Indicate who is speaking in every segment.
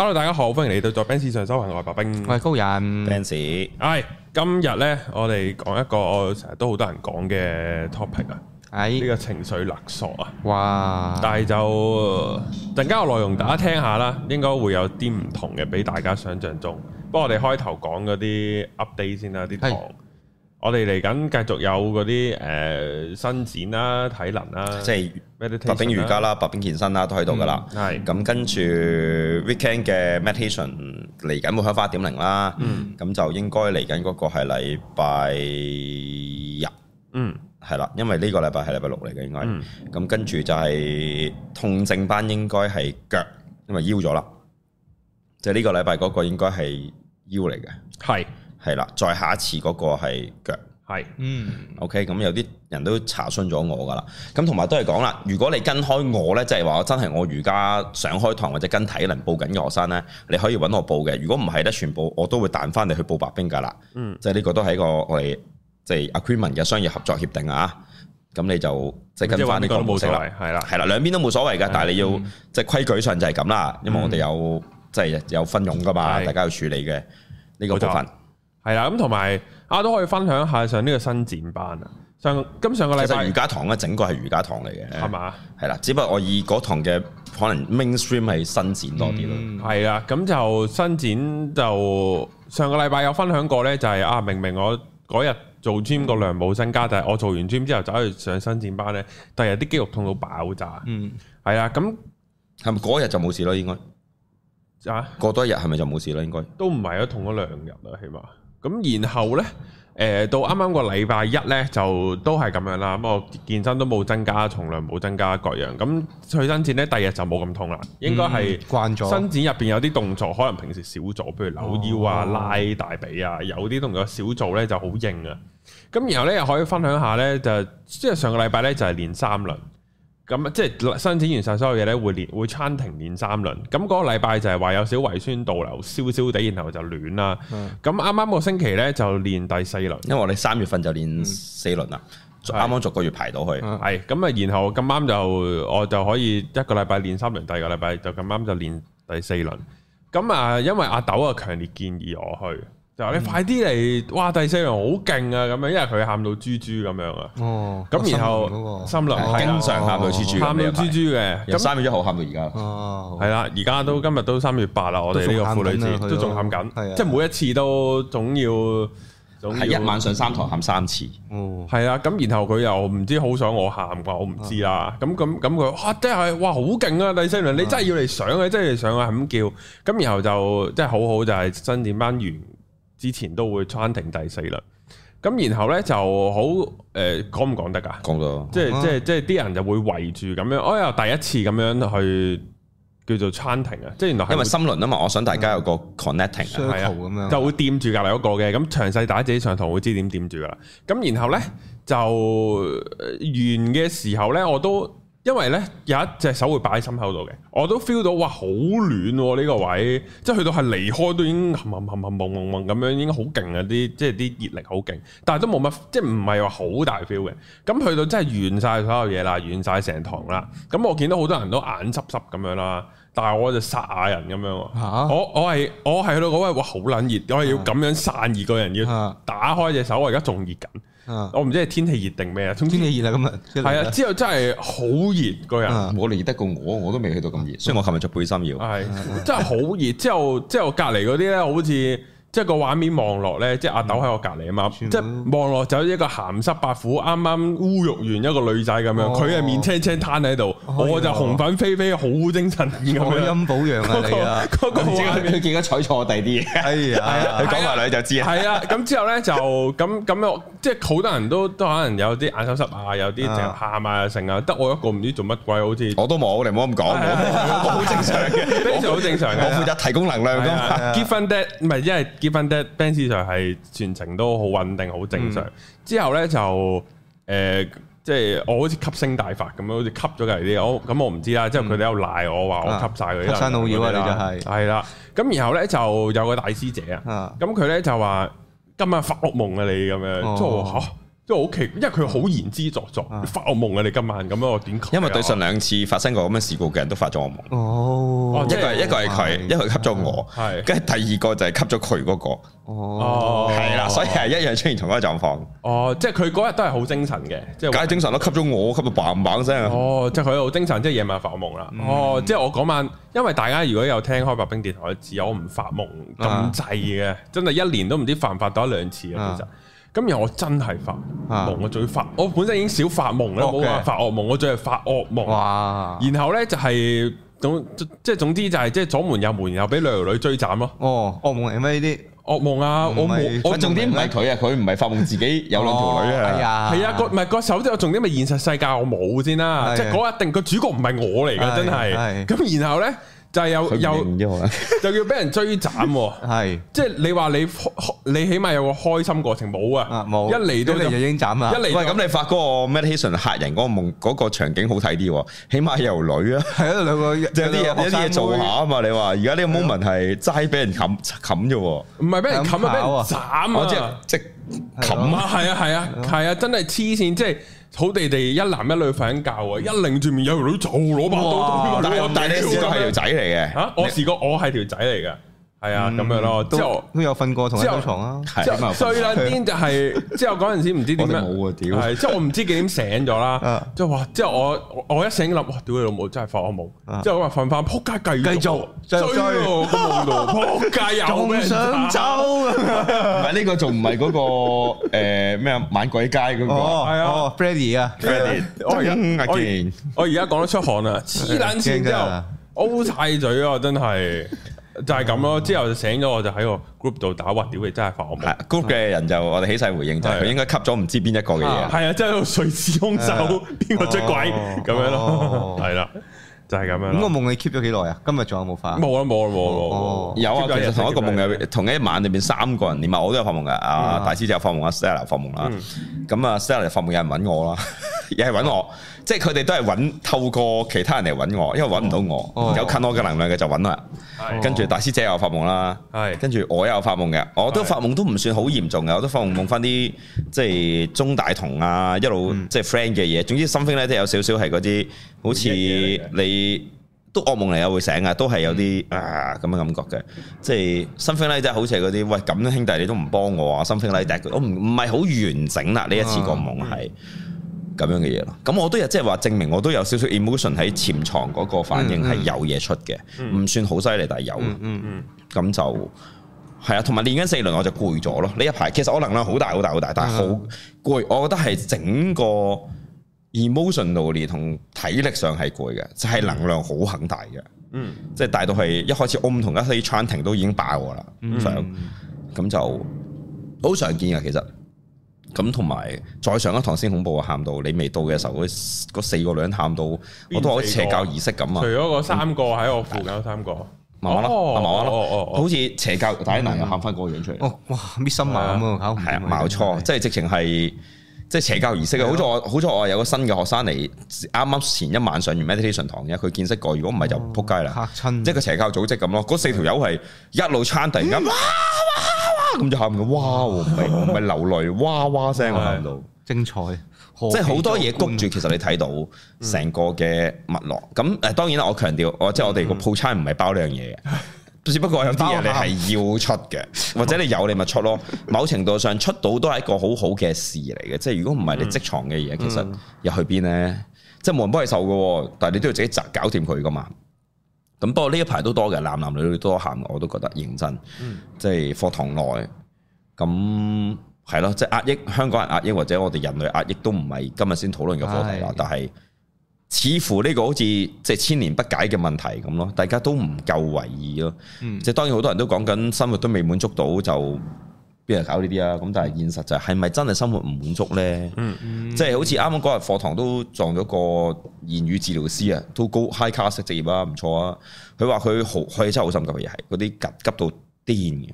Speaker 1: Hello，大家好，歡迎嚟到在 Benz 上修行，我係白兵，我係高人，Benz。係今日呢，我哋講一個成日都好多人講嘅 topic 啊。係呢、哎、個情緒勒索啊，哇！嗯、但係就陣間個內容大家聽下啦，嗯、應該會有啲唔同嘅，比大家想象中。不過我哋開頭講嗰啲 update 先啦，啲堂。我哋嚟緊繼續有嗰啲誒伸展啦，啊，體能啦、啊，即係白兵瑜伽啦、啊，白兵健身
Speaker 2: 啦、啊，都喺度噶啦。係咁跟住 weekend 嘅 meditation 嚟緊會開八點零啦。嗯，咁就應該嚟緊嗰個係禮拜日。嗯，係啦，因為呢個禮拜係禮拜六嚟嘅，應該，嗯。咁跟住就係、是、痛症班，應該係腳，因為腰咗啦。就呢、是、個禮拜嗰個應該係腰嚟嘅。係、就是。是係啦，再下一次嗰個係腳，係，嗯，OK，咁有啲人都查詢咗我噶啦，咁同埋都係講啦，如果你跟開我咧，即係話真係我而家上開堂或者跟體能報緊嘅學生咧，你可以揾我報嘅。如果唔係咧，全部我都會彈翻你去報白兵噶啦，嗯，即係呢個都係一個我哋即係 agreement 嘅商業合作協定啊，咁你就即係跟翻你個模式啦，係啦，係啦，兩邊都冇所謂嘅，的但係你要即係規矩上就係咁啦，因為我哋有即係、嗯、有分傭噶嘛，大家要處理嘅呢個部分、嗯。
Speaker 1: 係啦，咁同埋啊，都可以分享下上呢個伸展班啊。上今上個禮拜瑜伽堂咧，整個係瑜伽堂嚟嘅，係嘛吧？係啦，只不過我以嗰堂嘅可能 mainstream 係伸展多啲咯。係啦，嗯，咁就伸展就上個禮拜有分享過咧，就是，就係啊，明明我嗰日做 gym 個量冇增加，但係我做完 gym 之後走去上伸展班咧，第日啲肌肉痛到爆炸。嗯，係啦，咁係咪嗰日就冇事咯？應該吓過多一日係咪就冇事啦？應該都唔係啊，痛咗兩日啦，起碼。咁然後呢，誒、呃、到啱啱個禮拜一呢，就都係咁樣啦。咁我健身都冇增加，重量冇增加，各樣。咁去伸展呢，第二日就冇咁痛啦。應該係慣咗。伸展入邊有啲動作可能平時少做，譬如扭腰啊、拉大髀啊，有啲動作少做呢就好硬啊。咁然後呢，又可以分享下呢，就即係上個禮拜呢就練，就係練三輪。咁即係申請完曬所有嘢咧，會練會餐停練三輪。咁、那、嗰個禮拜就係話有少胃酸倒流，燒燒地，然後就暖啦。咁啱啱個星期咧就練第四輪，因為我哋三月份就練四輪啦，啱啱、嗯、逐個月排到去。係咁啊，然後咁啱就我就可以一個禮拜練三輪，第二個禮拜就咁啱就練第四輪。咁、嗯、啊，嗯、因為阿豆啊，強烈建議我去。你快啲嚟！哇，第四輪好勁啊，咁樣，因為佢喊到豬豬咁樣啊。哦。咁然後森林係經常喊到豬豬。喊到豬豬嘅，由三月一號喊到而家。哦。係啦，而家都今日都三月八啦，我哋呢個婦女節都仲喊緊，即係每一次都總要總係一晚上三台喊三次。哦。係啊，咁然後佢又唔知好想我喊啩，我唔知啦。咁咁咁佢嚇即係哇，好勁啊！第四輪你真係要嚟上去，真係上去，咁叫。咁然後就即係好好，就係新點班完。之前都會 chanting 第四輪，咁然後呢，就好誒講唔講得㗎？講到是、啊，即係即係即係啲人就會圍住咁樣，我又第一次咁樣去叫做 chanting 啊！即係原來因為心輪啊嘛，我想大家有個 connecting 係啊，就會掂住隔離嗰個嘅，咁詳細打自己上堂會知點掂住㗎啦。咁然後呢，就、呃、完嘅時候呢，我都。因為咧有一隻手會擺喺心口度嘅，我都 feel 到哇，好暖喎呢個位，即係去到係離開都已經朦朦朦咁樣，已經好勁啊啲，即係啲熱力好勁，但係都冇乜，即係唔係話好大 feel 嘅。咁去到真係完晒所有嘢啦，完晒成堂啦。咁我見到好多人都眼濕濕咁樣啦。但係我就殺下人咁樣，啊、我我係我係去到嗰位，哇好冷熱，我係要咁樣散熱個人要打開隻手，我而家仲熱緊，我唔知係天氣熱定咩啊？總之天氣熱啊今日，係啊，之後真係好熱個人，啊、我嚟得過我，我都未去到咁熱，所以我琴日着背心要，真係好熱之後之後隔籬嗰啲咧好似。即係個畫面望落咧，即係阿豆喺我隔籬啊嘛，即係望落就一個鹹濕白虎，啱啱侮辱完一個女仔咁樣，佢係面青青攤喺度，我就紅粉飛飛好精神。陰補陽嚟啊，唔知點解佢點解採錯第啲嘢？係啊，你講埋你就知啦。係啊，咁之後咧就咁咁樣，即係好多人都都可能有啲眼手濕啊，有啲淨喊啊，成啊，得我一個唔知做乜鬼，好似我都冇你唔好咁講，好正常嘅，非常好正常我負責提供能量噶，結婚唔係一係。結婚得 Ben 師長係全程都好穩定好正常，嗯、之後咧就誒即係我好似吸星大法咁樣，好似吸咗嚟啲，好咁我唔知啦。之後佢哋喺度賴我話我吸晒佢，吸山老妖啊！你就係係啦，咁然後咧就有個大師姐啊，啊，咁佢咧就話今晚發惡夢啊你咁樣？即、哦因為好奇，因為佢好言之鑿鑿，發惡夢啊！你今晚咁樣我點？因為對上
Speaker 2: 兩次發生過咁嘅事故嘅人都發咗惡夢。
Speaker 1: 哦，一個係一個係
Speaker 2: 佢，一個吸咗我，係跟住第二個就係吸咗佢嗰個。哦，係啦，所以係一樣出現同一個狀況。
Speaker 1: 哦，即係佢嗰日都係好精神嘅，即係梗係精神都吸咗我，吸到砰砰聲。哦，即係佢好精神，即係夜晚發惡夢啦。哦，即係我嗰晚，因為大家如果有聽開《白兵電台》，只我唔發夢咁滯嘅，真係一年都唔知發唔發到一兩次啊！其實。今日我真係發夢，我最要發，啊、我本身已經少發夢啦，冇辦法發惡夢，我最係發惡夢。哇！然後咧就係、是、總即係總之就係即係左門右門，又俾兩條女追斬咯。哦，惡夢係咪呢啲惡夢啊？我我重點唔係佢啊，佢唔係發夢自己有兩條女、哦哎、啊，係啊，個唔係個手，我重點咪現實世界我冇先啦，的即係嗰一定個主角唔係我嚟㗎，真係。咁的的然後咧。就係有，有，就要俾人追斬，係，即係你話你你起碼有個開心過程，冇啊，冇，一嚟到就已經斬啊，一嚟，喂，
Speaker 2: 咁你發嗰個 meditation 嚇人嗰個夢嗰個場景好睇啲，起碼有女啊，係啊，兩個即係一啲嘢做下啊嘛，你話而家呢個 moment 係齋俾人冚冚啫，唔係俾人冚啊，俾人斬啊，即
Speaker 1: 係冚啊，係啊係啊係啊，真係黐線，即係。好地地一男一女瞓緊覺喎，一擰住面有條女就攞把刀，但係我，但係你試過係條仔嚟嘅？嚇、啊！我試過我，我係條仔嚟嘅。係啊，咁樣咯，都都有瞓過同床啊。係睡撚癲就係，之後嗰陣時唔知點解冇啊屌！係，之後我唔知幾點醒咗啦，即係話，之後我我一醒諗，哇！屌你老母，真係發惡夢，之後我話瞓翻撲街繼繼續追喺夢度撲街又想走。唔
Speaker 2: 係呢個仲唔係嗰
Speaker 1: 個誒咩晚鬼街嗰個係啊 Freddy 啊我而家阿講得出汗啊。痴撚線之後，O 晒嘴啊，真係。就係咁咯，之後就醒咗我就喺個 group 度打，哇！屌你真係發我夢，group 嘅人就我哋起晒，回應，就係佢應該吸咗唔知邊一個嘅嘢，係啊，真係誰是兇手，邊個出
Speaker 2: 鬼咁樣咯，係啦，就係咁樣。咁個
Speaker 3: 夢你 keep 咗幾耐啊？今日仲有冇發？冇啊，
Speaker 1: 冇啊，冇啦，有啊，其實同一個夢又
Speaker 2: 同一晚裏邊三個人，連埋我都有發夢嘅，啊，大師就有發夢，啊 Stella 發夢啦，咁啊 Stella 發夢有人搵我啦，又係搵我。即係佢哋都係揾透過其他人嚟揾我，因為揾唔到我，哦、有近我嘅能量嘅就揾啦。哦、跟住大師姐又發夢啦，哦、跟住我又發夢嘅，我都發夢都唔算好嚴重嘅，我都發夢夢翻啲即係中大同啊，一路即係 friend 嘅嘢。總之 something 咧都有少少係嗰啲好似你都惡夢嚟又會醒，嗯、啊，都係有啲啊咁樣感覺嘅。即係 something 咧即係好似係嗰啲喂，咁兄弟你都唔幫我啊，something 咧我唔唔係好完整啦呢一次個夢係。嗯嗯嗯咁樣嘅嘢咯，咁我都有即係話證明我都有少少 emotion 喺潛藏嗰個反應係有嘢出嘅，唔、mm hmm. 算好犀利，但係有。嗯嗯、mm，咁、hmm. 就係啊，同埋練緊心輪我就攰咗咯。呢一排其實我能量好大，好大，好大，但係好攰。Mm hmm. 我覺得係整個 emotionally 同體力上係攰嘅，就係、是、能量好很肯大嘅。嗯、mm，即、hmm. 係大到係一開始我唔同一啲 training 都已經爆啦，咁、mm hmm. 就好常見嘅其實。咁同埋再上一堂先恐怖啊！喊到你未到嘅時候，嗰四個女人喊到，我都好似邪教儀式咁啊！除咗個
Speaker 1: 三個喺我附近，三個慢慢咯，慢慢咯，
Speaker 2: 好似邪教，第一男嘅喊翻嗰個樣出嚟。哇！咩心眼啊！係啊，冇錯，即係直情係即係邪教儀式啊！好彩我好彩我有個新嘅學生嚟，啱啱前一晚上完 meditation 堂嘅，佢見識過。如果唔係就撲街啦！嚇親，即係個邪教組織咁咯。嗰四條友係一路撐，突然間。咁就喊嘅，哇！唔係唔係流淚，哇哇聲咁喊到， 精彩！即係好多嘢谷住其實你睇到成個嘅脈絡。咁誒、嗯，當然啦，我強調，嗯、即我即係我哋個套餐唔係包呢樣嘢嘅，嗯、只不過有啲嘢你係要出嘅，或者你有你咪出咯。 某程度上出到都係一個好好嘅事嚟嘅，即係、嗯、如果唔係你積藏嘅嘢，其實入去邊咧？即係冇人幫你受嘅，但係你都要自己搞掂佢噶嘛。咁不過呢一排都多嘅，男男女女都行，我都覺得認真。嗯，即係課堂內，咁係咯，即係壓抑香港人壓抑，或者我哋人類壓抑都唔係今日先討論嘅課題啦。是的 但係似乎呢個好似即係千年不解嘅問題咁咯，大家都唔夠為意咯。嗯，即係當然好多人都講緊生活都未滿足到就。邊人搞呢啲啊？咁但係現實就係、是，係咪真係生活唔滿足咧、嗯？嗯嗯，即係好似啱啱嗰日課堂都撞咗個言語治療師啊，都高 high class 職業啊，唔錯啊。佢話佢好，佢真係好心急嘅嘢，係嗰啲急急到癲嘅。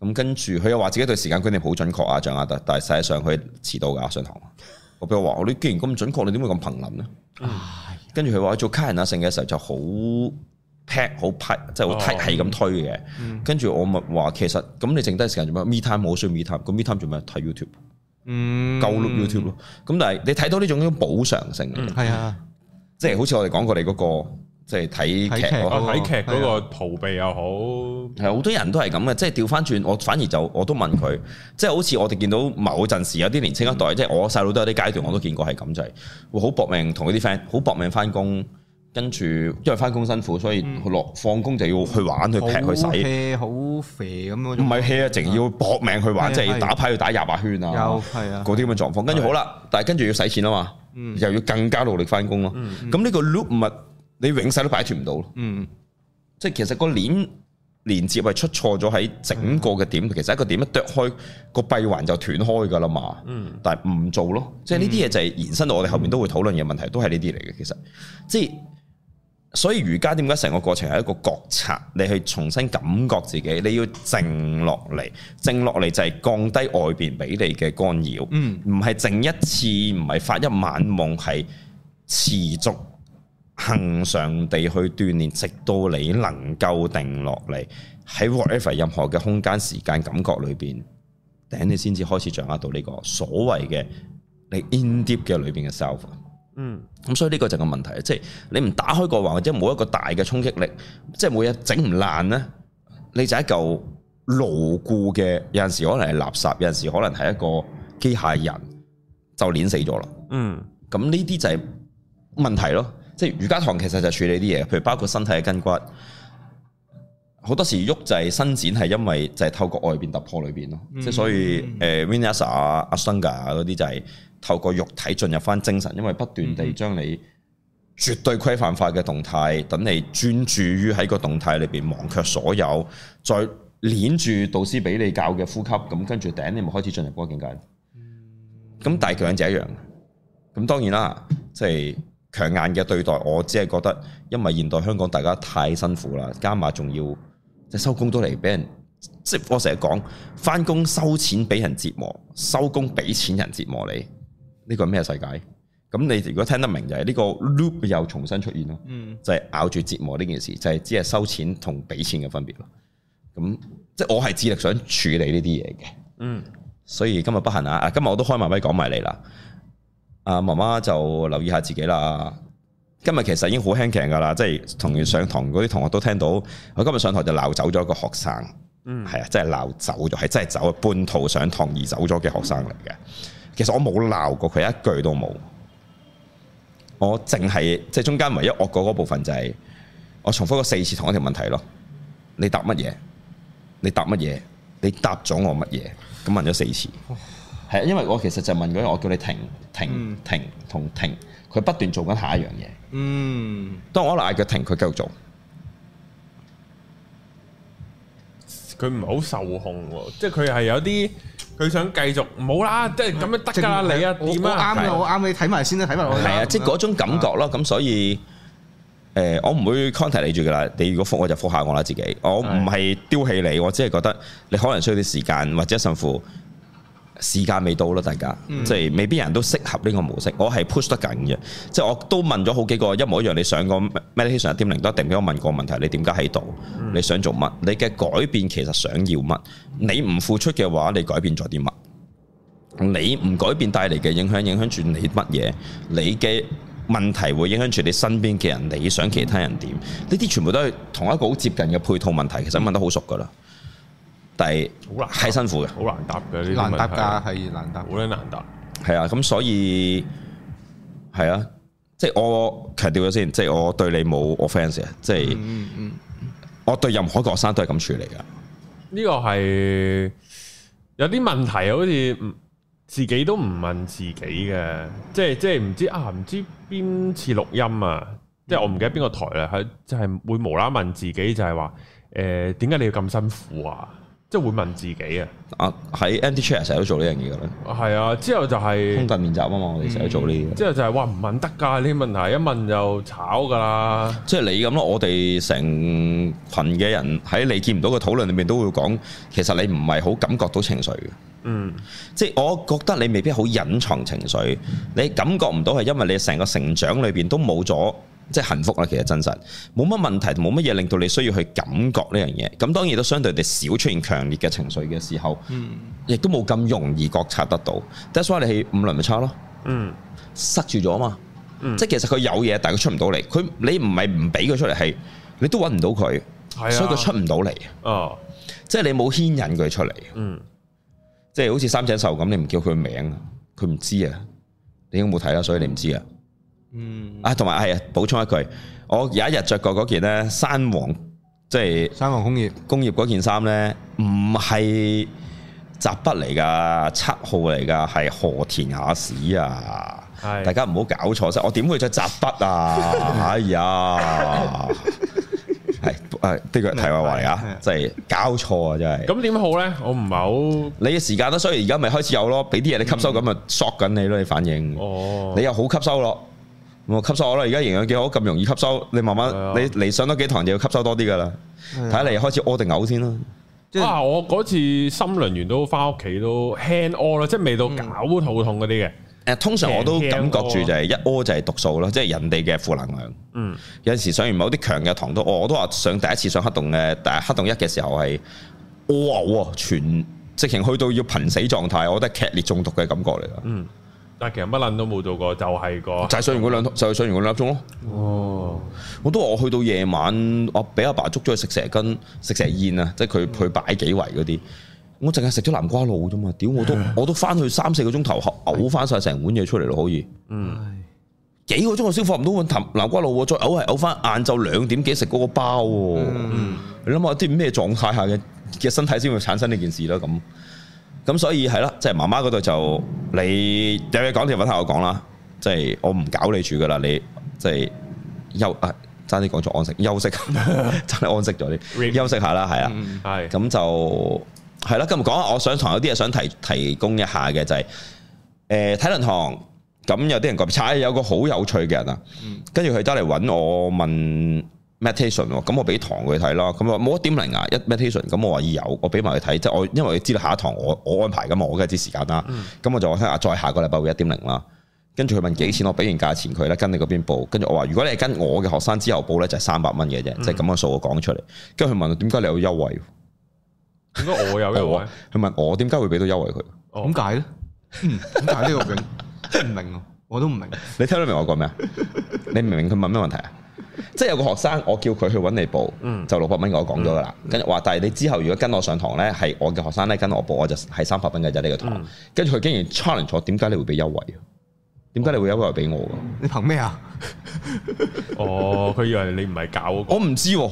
Speaker 2: 咁跟住佢又話自己對時間規定好準確啊，掌握得，但係實際上佢遲到㗎上堂。我俾我話，你既然咁準確，你點會咁彭林咧？
Speaker 1: 唉、
Speaker 2: 哎呀，跟住佢話做卡人啊，性嘅時候就好。劈好劈，即係好睇戲咁推嘅。跟住、哦，我咪話，其實咁你剩低時間做咩？Me time 冇，需要 Me time，咁 Me time 做咩？睇 YouTube，嗯，
Speaker 1: 夠碌 YouTube
Speaker 2: 咯。咁但係你睇到呢種呢種補償性，係、嗯、啊，即係好似我哋講過你嗰，那個，即係睇劇睇劇嗰個
Speaker 1: 逃避又好，
Speaker 2: 係好多人都係咁嘅。即係調翻轉，我反而就我都問佢，即係好似我哋見到某陣時有啲年青一代，即係、嗯、我細佬都有啲階段，我都見過係咁就係，會好搏命同嗰啲 friend，好搏命翻工。跟住，因為翻工辛苦，所以落放工就要去玩去劈去洗。
Speaker 3: 好肥咁樣。唔係 hea 啊，淨
Speaker 2: 要搏命去玩，即係要打牌要打廿八圈啊，係啊，嗰啲咁嘅狀況。跟住好啦，但係跟住要使錢啊嘛，又要更加努力翻工咯。咁呢個 loop 唔係你永世都擺脱唔到咯。即係其實個鏈連接係出錯咗喺整個嘅點，其實一個點一剁開個閉環就斷開㗎啦嘛。但係唔做咯，即係呢啲嘢就係延伸到我哋後面都會討論嘅問題，都係呢啲嚟嘅。其實，即係。所以瑜伽點解成個過程係一個覺察，你去重新感覺自己，你要靜落嚟，靜落嚟就係降低外邊俾你嘅干擾。嗯，唔係靜一次，唔係發一晚夢，係持續恆常地去鍛煉，直到你能夠定落嚟喺 whatever 任何嘅空間、時間感覺裏邊，頂你先至開始掌握到呢個所謂嘅你 in deep 嘅裏邊嘅 self。.嗯，咁所以呢個就係個問題，即係你唔打開個話，或者冇一個大嘅衝擊力，即係冇嘢整唔爛咧，你就一嚿牢固嘅。有陣時可能係垃圾，有陣時可能係一個機械人就碾死咗啦。嗯，咁呢啲就係問題咯。即係瑜伽堂其實就處理啲嘢，譬如包括身體嘅筋骨，好多時喐就係伸展，係因為就係透過外邊突破裏邊咯。即係、嗯、所以，誒、嗯嗯呃、，Vinyasa 啊 Ash，Ashtanga 嗰啲就係。透過肉體進入翻精神，因為不斷地將你絕對規範化嘅動態，等你專注於喺個動態裏邊，忘却所有，再連住導師俾你教嘅呼吸，咁跟住頂，你咪開始進入嗰個境界。咁大強就一樣。咁當然啦，即係強硬嘅對待，我只係覺得，因為現代香港大家太辛苦啦，加埋仲要即收工都嚟俾人，即、就是、我成日講，翻工收錢俾人折磨，收工俾錢人折磨你。呢個咩世界？咁你如果聽得明，就係、是、呢個 loop 又重新出現咯，嗯、就係咬住折磨呢件事，就係、是、只係收錢同俾錢嘅分別咯。咁即係我係致力想處理呢啲嘢嘅，嗯、所以今日不行啊！今日我都開埋咪講埋你啦。阿媽媽就留意下自己啦。今日其實已經好輕劇㗎啦，即、就、係、是、同上堂嗰啲同學都聽到，我今日上堂就鬧走咗一個學生，嗯，係啊，即係鬧走咗，係真係走，半途上堂而走咗嘅學生嚟嘅。嗯其實我冇鬧過佢一句都冇，我淨係即係中間唯一惡過嗰部分就係、是、我重複過四次同一條問題咯，你答乜嘢？你答乜嘢？你答咗我乜嘢？咁問咗四次，係啊唉，因為我其實就問咗、那個，我叫你停停停同停，佢不斷做緊下一樣嘢。嗯，當我嚟嗌佢停，佢繼續做，
Speaker 1: 佢唔係好受控，即係佢係有啲。佢想繼續，唔好啦，即係咁樣得㗎啦，正你啊，點樣啱，啊，我啱對你睇埋先啦，睇埋對我係啊，即係嗰種
Speaker 2: 感覺咯，咁對所以誒，呃，我唔會 contact 你住㗎啦。你如果復我就復下我啦，自己。我唔係丟棄你，我只係覺得你可能需要啲時間或者辛苦。時間未到咯，大家即係未必人都適合呢個模式。我係 push 得緊嘅，即係我都問咗好幾個一模一樣你想過。你上個 Meditation 一點零都一定問個問題，你點解喺度？你想做乜？你嘅改變其實想要乜？你唔付出嘅話，你改變咗啲乜？你唔改變帶嚟嘅影響，影響住你乜嘢？你嘅問題會影響住你身邊嘅人，你想其他人點？呢啲全部都係同一個好接近嘅配套問題，其實問得好熟噶啦。但係好難，係辛苦嘅，好難答嘅呢啲問題噶
Speaker 3: 係難答，好鬼難答。
Speaker 2: 係啊，咁所以係啊，即係我強調咗先，即係我對你冇 offence 啊，即係，嗯嗯我對任何學生都係咁處理噶
Speaker 1: 呢、嗯、個係有啲問題，好似自己都唔問自己嘅，即係即係唔知啊，唔知邊次錄音啊，嗯、即係我唔記得邊個台啦，佢即係會無啦問自己就，就係話誒，點解你要咁辛苦啊？即係會問自己啊！啊喺 Empty Chair 成日都做呢樣嘢噶啦，係啊，啊！之後就係、是、空格練習啊嘛，我哋成日都做呢啲、嗯。之後就係話唔問得噶呢啲問題，一問就炒噶啦。
Speaker 2: 即係你咁咯，我哋成群嘅人喺你見唔到嘅討論裏面都會講，其實你唔係好感覺到情緒
Speaker 1: 嘅。嗯，
Speaker 2: 即係我覺得你未必好隱藏情緒，嗯、你感覺唔到係因為你成個成長裏邊都冇咗。即係幸福啦、啊，其實真實冇乜問題，冇乜嘢令到你需要去感覺呢樣嘢。咁當然都相對地少出現強烈嘅情緒嘅時候，亦、嗯、都冇咁容易覺察得到。嗯、That's why 你五輪咪差咯，嗯、塞住咗嘛。嗯、即係其實佢有嘢，但係佢出唔到嚟。佢你唔係唔俾佢出嚟，係你都揾唔到佢，嗯、所以佢出唔到嚟。嗯、即係你冇牽引佢出嚟。即係好似三井壽咁，你唔叫佢名，佢唔知啊。你應該冇睇啦，所以你唔知啊。嗯，啊，同埋係啊，補充一句，我有一日着過嗰件咧，山王即係山王工業，工業嗰件衫咧，唔係雜筆嚟㗎，七號嚟㗎，係河田雅史啊，係的，大家唔好搞錯先，我點會着雜筆啊？ 哎呀，係誒， 呢個題外話嚟啊，即係搞錯啊，真係的。咁點好咧？我唔係好你嘅時間啦，所以而家咪開始有咯，俾啲嘢你吸收咁啊，索緊、嗯、你咯，你反應哦，你又好吸收咯。我吸收我啦，而家營養幾好，咁容易吸收。你慢慢，哦、你嚟上多幾堂就要吸收多啲噶啦。睇下你開始屙定嘔先啦。
Speaker 1: 咯。啊，我嗰次心輪完都翻屋企都輕屙啦，嗯、即係未到搞肚痛嗰啲嘅。誒，通常我都感覺住就係
Speaker 2: 一屙就係毒素咯，即、就、係、是、人哋嘅負能量。嗯，有陣時上完某啲強嘅堂都，我我都話上第一次上黑洞嘅但係黑洞一嘅時候係屙，全直情去到要瀕死狀態，我覺得劇烈中毒嘅感覺嚟啦。
Speaker 1: 嗯。但係其實乜撚都冇做過，就係、個就係上完嗰
Speaker 2: 兩就上完嗰兩粒鐘咯。哦，我都話我去到夜晚，我俾阿爸捉咗去食蛇羹、食蛇宴啊，即係佢佢擺幾圍嗰啲，我淨係食咗南瓜露啫嘛。屌我都我都翻去三四個鐘頭，後嘔翻晒成碗嘢出嚟咯，可以。嗯，幾個鐘我消化唔到碗氹南瓜露，再嘔係嘔翻晏晝兩點幾食嗰個包。嗯，嗯你諗下啲咩狀態下嘅嘅身體先會產生呢件事啦？咁。咁所以係啦，即係媽媽嗰度就你,你有嘢講條搵下我講啦，即係我唔搞你住噶啦，你即係、就是、休啊，爭啲講錯安息休息，真係安息咗啲 休息下啦，係啊，係咁、嗯、就係啦，今日講下我上堂有啲嘢想提提供一下嘅就係誒體能堂，咁、呃、有啲人講，踩有個好有趣嘅人啊，跟住佢走嚟揾我問。meditation 咁我俾堂佢睇啦，咁我冇一點零啊，一 meditation 咁我話已有，我俾埋佢睇，即係我因為佢知道下一堂我我安排噶嘛，我梗係知時間啦，咁我就話聽下，再下個禮拜會一點零啦，跟住佢問幾錢，我俾完價錢佢咧，跟你嗰邊報，跟住我話如果你跟我嘅學生之後報咧就三百蚊嘅啫，即係咁個數我講出嚟，跟住佢問點解你有優惠，點解我有優惠，佢 問我 點解會俾到優惠佢，點解咧，嗯，點解呢個唔明咯，我都唔明你，你聽得明我講咩啊，你唔明佢問咩問題啊？即係有個學生，我叫佢去揾你補，嗯、就六百蚊。我講咗噶啦，跟住話，但係你之後如果跟我上堂呢，係我嘅學生呢，跟我補我就係三百蚊嘅啫。呢、這個堂，跟住佢竟然 challenge 我，點解你會俾優惠？點解你會優惠俾我，你憑咩啊？哦，佢、 哦、以為你唔係搞，我唔知、啊。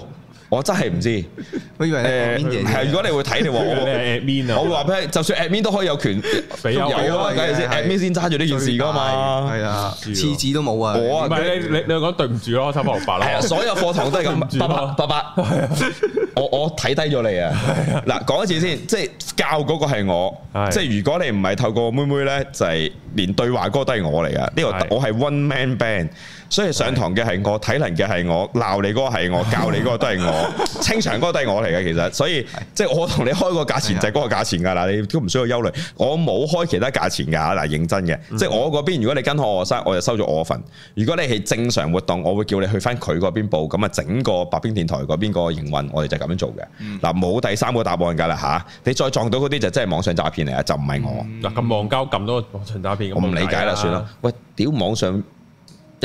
Speaker 2: 我真係唔知，誒，如果你會睇你話，我會話咩 admin 啊？我會話咩？就算 admin 都可以有權，
Speaker 1: 都有啊，梗係先，admin 先揸住呢件事噶嘛，係啊，次次都冇啊，唔係你你你講對唔住咯，七百六百啦，係啊，所有課堂都係咁，八百八百，係
Speaker 2: 啊，我我睇低咗你啊，係啊，嗱，講一次先，即係教嗰個係我，即係如果你唔係透過妹妹咧，就係連對話哥都係我嚟噶，呢個我係 one man band。所以上堂嘅係我，體能嘅係我，鬧你嗰個係我，教你嗰個都係我， 清場嗰個都係我嚟嘅其實，所以的即係我同你開個價錢就係嗰個價錢㗎啦，的你都唔需要憂慮，的我冇開其他價錢嘅嚇，嗱，認真嘅，的即係我嗰邊如果你跟學學生，我就收咗我份；嗯、如果你係正常活動，我會叫你去翻佢嗰邊報，咁啊整個白兵電台嗰邊個營運，我哋就咁樣做嘅。嗱冇、嗯、第三個答案㗎啦吓，你再撞到嗰啲就真係網上詐騙嚟啊，就唔係我。
Speaker 1: 嗱，咁望交咁多網上詐騙，麼麼，我唔理解啦，算啦，
Speaker 2: 喂，屌網上。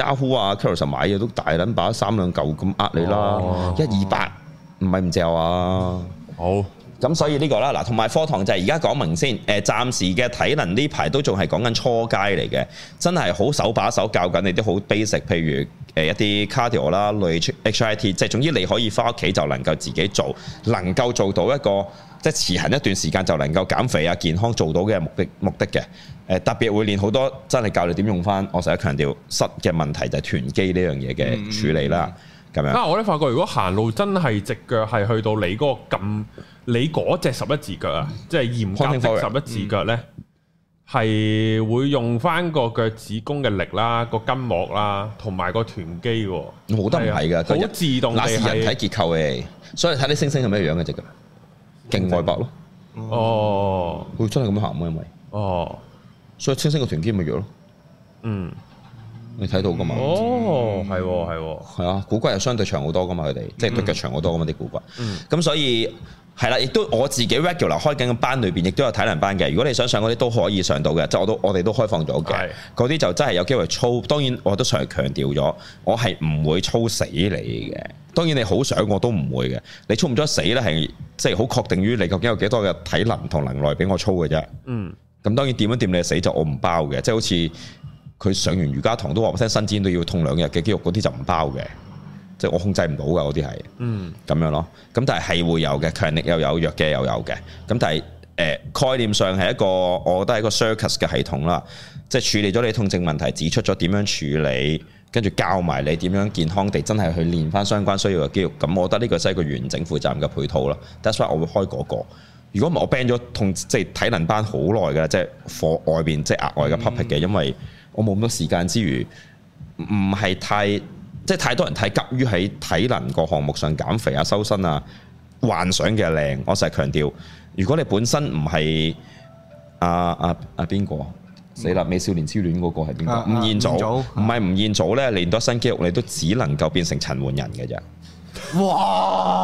Speaker 2: Yahoo 啊 Carousell 買嘢都大捻把三兩舊咁呃你啦，一二百唔係唔正啊。好，咁所以呢個啦，嗱，同埋課堂就係而家講明先。誒，暫時嘅體能呢排都仲係講緊初階嚟嘅，真係好手把手教緊你啲好 basic，譬如誒一啲 cardio 啦、類出 HIIT，即係總之你可以翻屋企就能夠自己做，能夠做到一個即係持恆一段時間，就能夠減肥啊、健康做到嘅目的目的嘅。誒特別會練好多真係教你點用翻，我成日強調膝嘅問題就係臀肌呢樣嘢嘅處理啦，咁、嗯、樣。啊！
Speaker 1: 我都發覺如果行路真係直腳係去到你嗰、那個筋，你嗰隻十一字腳啊，即係、嗯、嚴格嘅十一字腳咧，係、嗯、會用翻個腳趾公嘅力啦，個筋膜啦，同埋個臀肌喎。冇得唔係㗎，一、啊、實自動地係。係人體結
Speaker 2: 構誒，所以睇啲星星係咩樣嘅隻腳，勁外八咯。嗯、哦，會真係咁行、哦，因為哦。所以清晰嘅團結咪弱咯，哦、嗯，你睇到噶嘛？哦，係，係，係啊！股骨係相對長好多噶嘛，佢哋即係對腳長好多咁啊啲股骨。咁、嗯、所以係啦，亦、啊、都我自己 regular 開緊嘅班裏邊，亦都有體能班嘅。如果你想上嗰啲都可以上到嘅，即、就是、我都我哋都，都開放咗嘅。嗰啲是就真係有機會操。當然我都常強調咗，我係唔會操死你嘅。當然你好想我都唔會嘅。你操唔操死咧，係即係好確定於你究竟有幾多嘅體能同能耐俾我操嘅啫。嗯。咁當然掂一掂你就死就我唔包嘅，即係好似佢上完瑜伽堂都話聲伸展都要痛兩日嘅肌肉嗰啲就唔包嘅，即係我控制唔到嘅嗰啲係，嗯，咁樣咯。咁但係係會有嘅，強力又有，弱嘅又有嘅。咁但係誒、呃、概念上係一個，我覺得係一個 circuit 嘅系統啦，即係處理咗你痛症問題，指出咗點樣處理，跟住教埋你點樣健康地真係去練翻相關需要嘅肌肉。咁我覺得呢個真係一個完整負責嘅配套啦。That's why 我會開嗰、那個如果唔係我 ban 咗同即係體能班好耐嘅啦，即係課外邊、嗯、即係額外嘅 topic 嘅，因為我冇咁多時間之餘，唔係太即係太多人太急於喺體能個項目上減肥啊、修身啊、幻想嘅靚，我成日強調，如果你本身唔係啊，啊，阿邊個死啦美少年之戀嗰個係邊個？吳彥祖唔係吳彥祖咧練多身肌肉，你都只能夠變成陳奐仁嘅啫。哇，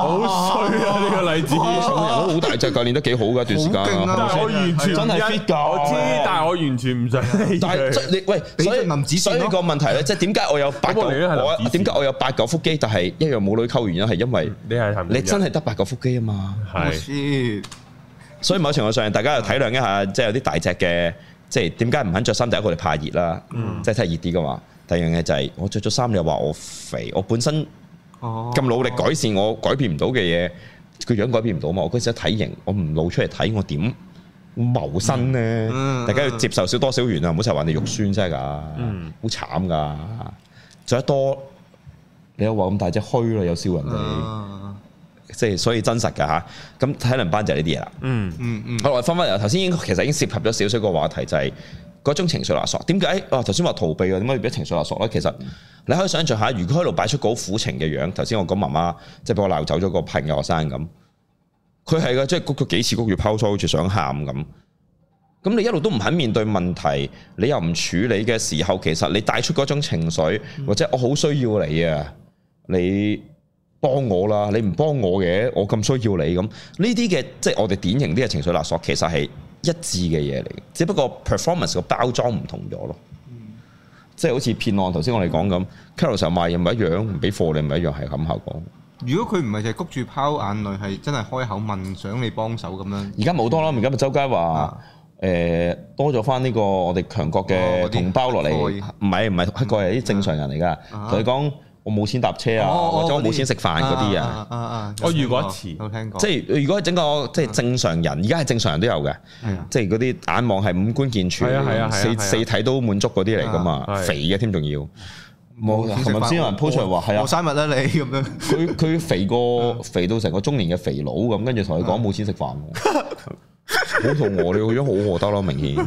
Speaker 2: 好衰啊！呢個例子，啲人都好大隻噶，練得幾好噶，一段時間我完全真係 fit 我知，但係我完全唔想。但係即係你喂，所以所呢，個問題咧，即係點解我有八九，點解我有八九腹肌，但係一樣冇女溝？原因係因為你係你真係得八九腹肌啊嘛，係。所以某程度上，大家又體諒一下，即係有啲大隻嘅，即係點解唔肯着衫？第一個我怕熱啦，即係睇下熱啲噶嘛。第二樣嘢就係我着咗衫，你又話我肥，我本身。咁努力改善，我改變唔到嘅嘢，個樣改變唔到嘛。我嗰時體型，我唔露出嚟睇，我點謀生咧？嗯嗯、大家要接受少多少元啊？唔好成日話你肉酸真，真係噶，好慘噶。做得多，你又話咁大隻虛啦，有笑人哋，即係、嗯、所以真實㗎嚇。咁體能班就係呢啲嘢啦。嗯嗯嗯。我嚟翻翻嚟頭先，回回其實已經涉及咗少少個話題，就係、是。嗰種情緒勒索，點解？哦、啊，頭先話逃避喎，點解要俾情緒勒索咧？其實你可以想象下，如果喺度擺出嗰苦情嘅樣，頭先我講媽媽即係俾我鬧走咗個朋友生咁，佢係噶，即係佢幾次谷住拋腮，好似想喊咁。咁你一路都唔肯面對問題，你又唔處理嘅時候，其實你帶出嗰種情緒，或者我好需要你啊，你幫我啦，你唔幫我嘅，我咁需要你咁，呢啲嘅即係我哋典型啲嘅情緒勒索，其實係。一致嘅嘢嚟嘅，只不過 performance 個包裝唔同咗咯，即係好似騙案頭先我哋講咁，Carousell 賣嘢唔係一樣，俾貨你唔係一樣，係咁效果。
Speaker 3: 如果佢唔係就係谷住拋眼淚，係真係開口問想你幫手咁樣。
Speaker 2: 而家冇多啦，而家咪周街話誒多咗翻呢個我哋強國嘅同胞落嚟，唔係唔係一個係啲正常人嚟噶，所以講。我冇錢搭車啊，或者我冇錢食飯嗰啲啊，啊啊！
Speaker 1: 我遇過一次，有
Speaker 3: 聽過。即
Speaker 2: 係如果係整個即係正常人，而家係正常人都有嘅，即係嗰啲眼望係五官健全，啊係啊，四四體都滿足嗰啲嚟噶嘛，肥嘅添仲要。冇琴日先有人 po 出嚟話係啊，冇生物啦你咁樣。佢佢肥過肥到成個中年嘅肥佬咁，跟住同佢講冇錢食飯，好肚餓，你去咗好餓得啦明顯。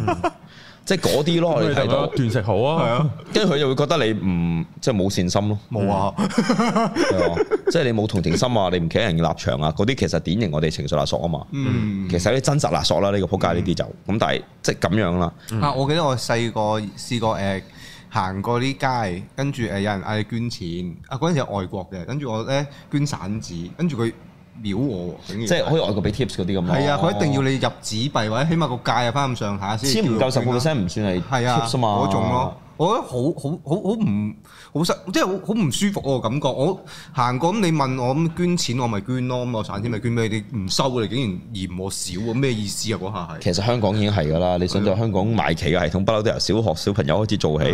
Speaker 2: 即係嗰啲咯，你睇到斷食好啊，係啊、嗯，跟住佢就會覺得你唔即係冇善心咯，冇啊、嗯，嗯、即係你冇同情心啊，你唔企人嘅立場啊，嗰啲其實典型我哋情緒勒索啊嘛，嗯，其實啲真實勒索啦、啊，呢、這個仆街呢啲就咁，但係即係咁樣啦、啊。嗯、啊，
Speaker 3: 我記得我細個試過誒行過啲街，跟住誒有人嗌你捐錢，啊嗰陣時係外國嘅，跟住我咧捐散紙，跟住佢。秒我，即係可以外國俾 tips 嗰啲咁樣！係啊，佢一定要你入紙幣或者起碼個價又翻咁上下先。籤唔夠十個 percent
Speaker 2: 唔算係 tip 嘛？嗰種咯，
Speaker 3: 我覺得好好好好唔好即係好好唔舒服哦，感覺。我行過咁，你問我咁捐錢我捐，我咪捐咯。咁我賺錢咪捐俾你，你唔收你，竟然嫌我少咩意思啊？嗰下係。
Speaker 2: 其實香港已經係噶啦，的你想在香港買旗嘅系統，不嬲都由小學小朋友開始做起，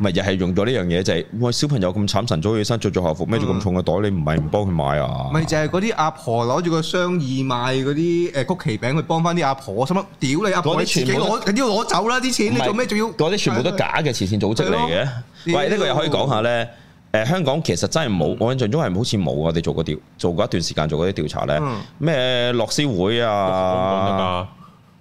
Speaker 2: 咪又係用咗呢樣嘢就係、是，喂、哎、小朋友咁慘，晨早起身，着住校服，孭住咁重嘅袋，的你唔係唔幫佢買啊？
Speaker 3: 咪就係嗰啲阿婆攞住個箱義賣嗰啲誒曲奇餅去幫翻啲阿婆，使乜屌你阿婆你自己，你攞你要攞走啦啲錢，你做咩仲要？嗰啲全部都假
Speaker 2: 嘅慈善組織嚟嘅。喂，呢個又可以講下咧？誒，香港其實真係冇，我印象中係好似冇。我哋做過調，做過一段時間做過啲調查咧。咩律、嗯、師會啊？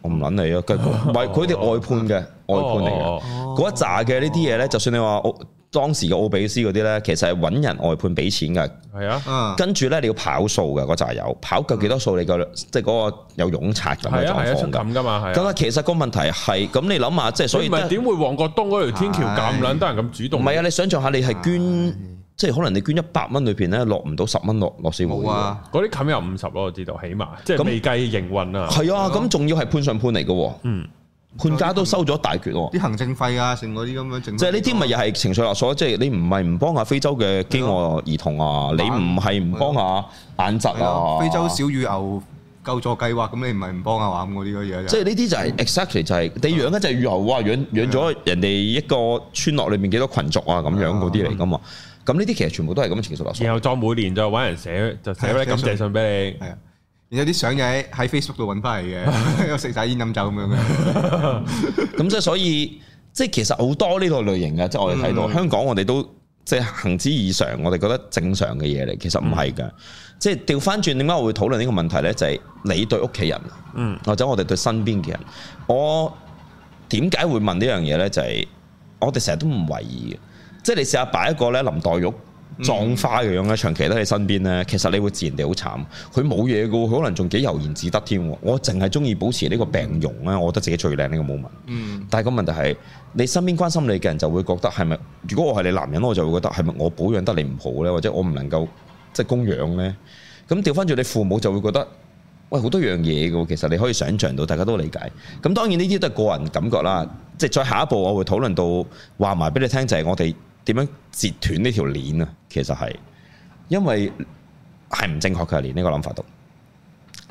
Speaker 2: 我唔撚你啊！佢唔係佢哋外判嘅，外判嚟嘅。嗰、啊啊啊啊、一紮嘅呢啲嘢咧，就算你話我。當時嘅奧比斯嗰啲咧，其實係揾人外判俾錢噶。係啊，跟住咧你要跑數噶嗰扎友，跑夠幾多數你個，即係嗰個有佣拆咁嘅狀況㗎。係咁啊，其實個問題係咁，你
Speaker 1: 諗下，即係所以點會旺角東嗰條天橋咁撚多人咁主動？唔係啊，你想像下，你係
Speaker 2: 捐，即係可能你捐一百蚊裏邊咧落唔到十蚊落落善會。冇啊，
Speaker 1: 嗰啲冚有五十咯，我知道，起碼即係未計營運啊。係
Speaker 2: 啊，咁仲要係判上判嚟嘅喎。嗯。判家都收咗大鉸喎，啲
Speaker 3: 行政費啊，剩嗰啲咁樣整。即係呢
Speaker 2: 啲咪又係情緒勒索？即係你唔係唔幫下非洲嘅飢餓兒童啊？你唔係唔幫下眼疾啊？非洲
Speaker 3: 小乳牛救助計劃，咁你唔係唔幫啊？咁嗰啲嘅嘢。即係呢
Speaker 2: 啲就係 exactly 就係你養一隻乳牛哇，養養咗人哋一個村落裏面幾多群族啊咁樣嗰啲嚟㗎嘛？咁呢啲其實全部都係咁嘅情緒勒索。然後再每年就揾人寫，就寫啲感謝信俾你。
Speaker 3: 有啲相嘅喺 Facebook 度，揾翻嚟嘅，食晒 煙飲酒咁樣，
Speaker 2: 咁即係所以即係其實好多呢個類型嘅，即係我哋睇到香港，我哋都即係行之以常，我哋覺得正常嘅嘢嚟，其實唔係嘅。即係調翻轉，點解我會討論呢個問題咧？就係、是、你對屋企人，嗯，或者我哋對身邊嘅人，我點解會問呢樣嘢咧？就係、是、我哋成日都唔懷疑嘅，即係你試下擺一個咧，林黛玉。葬花嘅樣咧，長期喺你身邊咧，其實你會自然地好慘。佢冇嘢噶，佢可能仲幾悠然自得添。我淨係中意保持呢個病容咧，我覺得自己最靚呢個 moment。嗯。但係個問題係，你身邊關心你嘅人就會覺得係咪？如果我係你男人，我就會覺得係咪我保養得你唔好咧，或者我唔能夠即係供養咧？咁調翻住你父母就會覺得，喂，好多樣嘢噶。其實你可以想象到，大家都理解。咁當然呢啲都係個人感覺啦。即係再下一步，我會討論到話埋俾你聽，就係我哋。點樣截斷呢條鏈啊？其實係因為係唔正確嘅呢、呢個諗法度。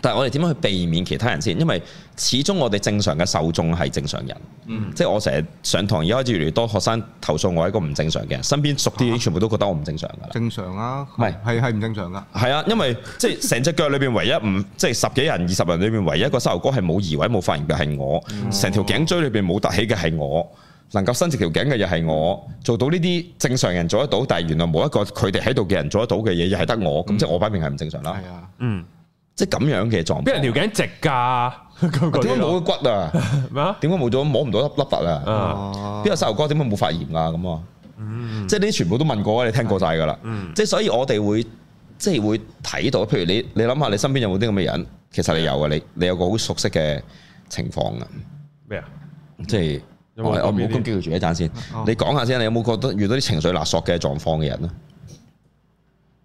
Speaker 2: 但係我哋點樣去避免其他人先？因為始終我哋正常嘅受眾係正常人，嗯、即係我成日上堂而家開始越嚟越多學生投訴我係一個唔正常嘅人，身邊熟啲全部都覺得我唔正常㗎啦。正常啊，唔係係唔正常㗎。係啊，因為即係成隻腳裏邊唯一唔 即係十幾人二十人裏邊唯一,一個膝頭哥係冇移位冇發炎嘅係我，成、嗯哦、條頸椎裏邊冇凸起嘅係我。能夠伸直條頸嘅又係我做到呢啲正常人做得到，但係原來冇一個佢哋喺度嘅人做得到嘅嘢，又係得我，咁即係我擺明係唔正常啦。係、嗯、啊，嗯、 啊，即係咁樣嘅狀。俾人條頸直噶，點解冇骨啊？咩啊？點解冇咗摸唔到粒粒突啊？邊個細路哥？點解冇發炎啊？咁啊？嗯、即係啲全部都問過，你聽過晒噶啦。即係、嗯、所以我哋會即係會睇到，譬如你你諗下，你身邊有冇啲咁嘅人？其實你有啊，你你有個好熟悉嘅情況啊。咩啊、嗯？嗯、即係。因為我冇咁機會住一陣先，你講下先，你有冇覺得遇到啲情緒勒索嘅狀況嘅人咧？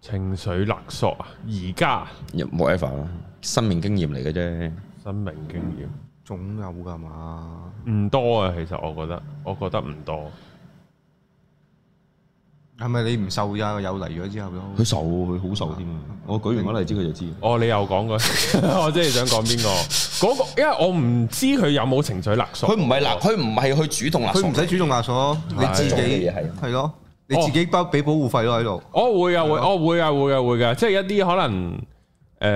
Speaker 1: 情緒勒索啊，而家冇 ever 啦，生命經驗嚟嘅啫。生命經驗總有㗎嘛，唔多啊。其實我覺得，我覺得唔多。
Speaker 2: 係咪你唔
Speaker 3: 受
Speaker 1: 呀？又嚟咗之後咯，
Speaker 2: 佢受，佢好受添。
Speaker 1: 我舉完個例子佢就知。哦，你又講過， 我真係想講邊個？嗰、嗰個，因為我唔知佢有冇情緒勒索。佢唔係勒，佢唔係去主動勒，佢唔使主動
Speaker 3: 勒索，勒索的你自己嘅嘢係。係咯，
Speaker 1: 你自己包俾、哦、保護費咯喺度。哦、啊的啊，會啊會，我會啊會嘅會嘅，即係一啲可能。誒，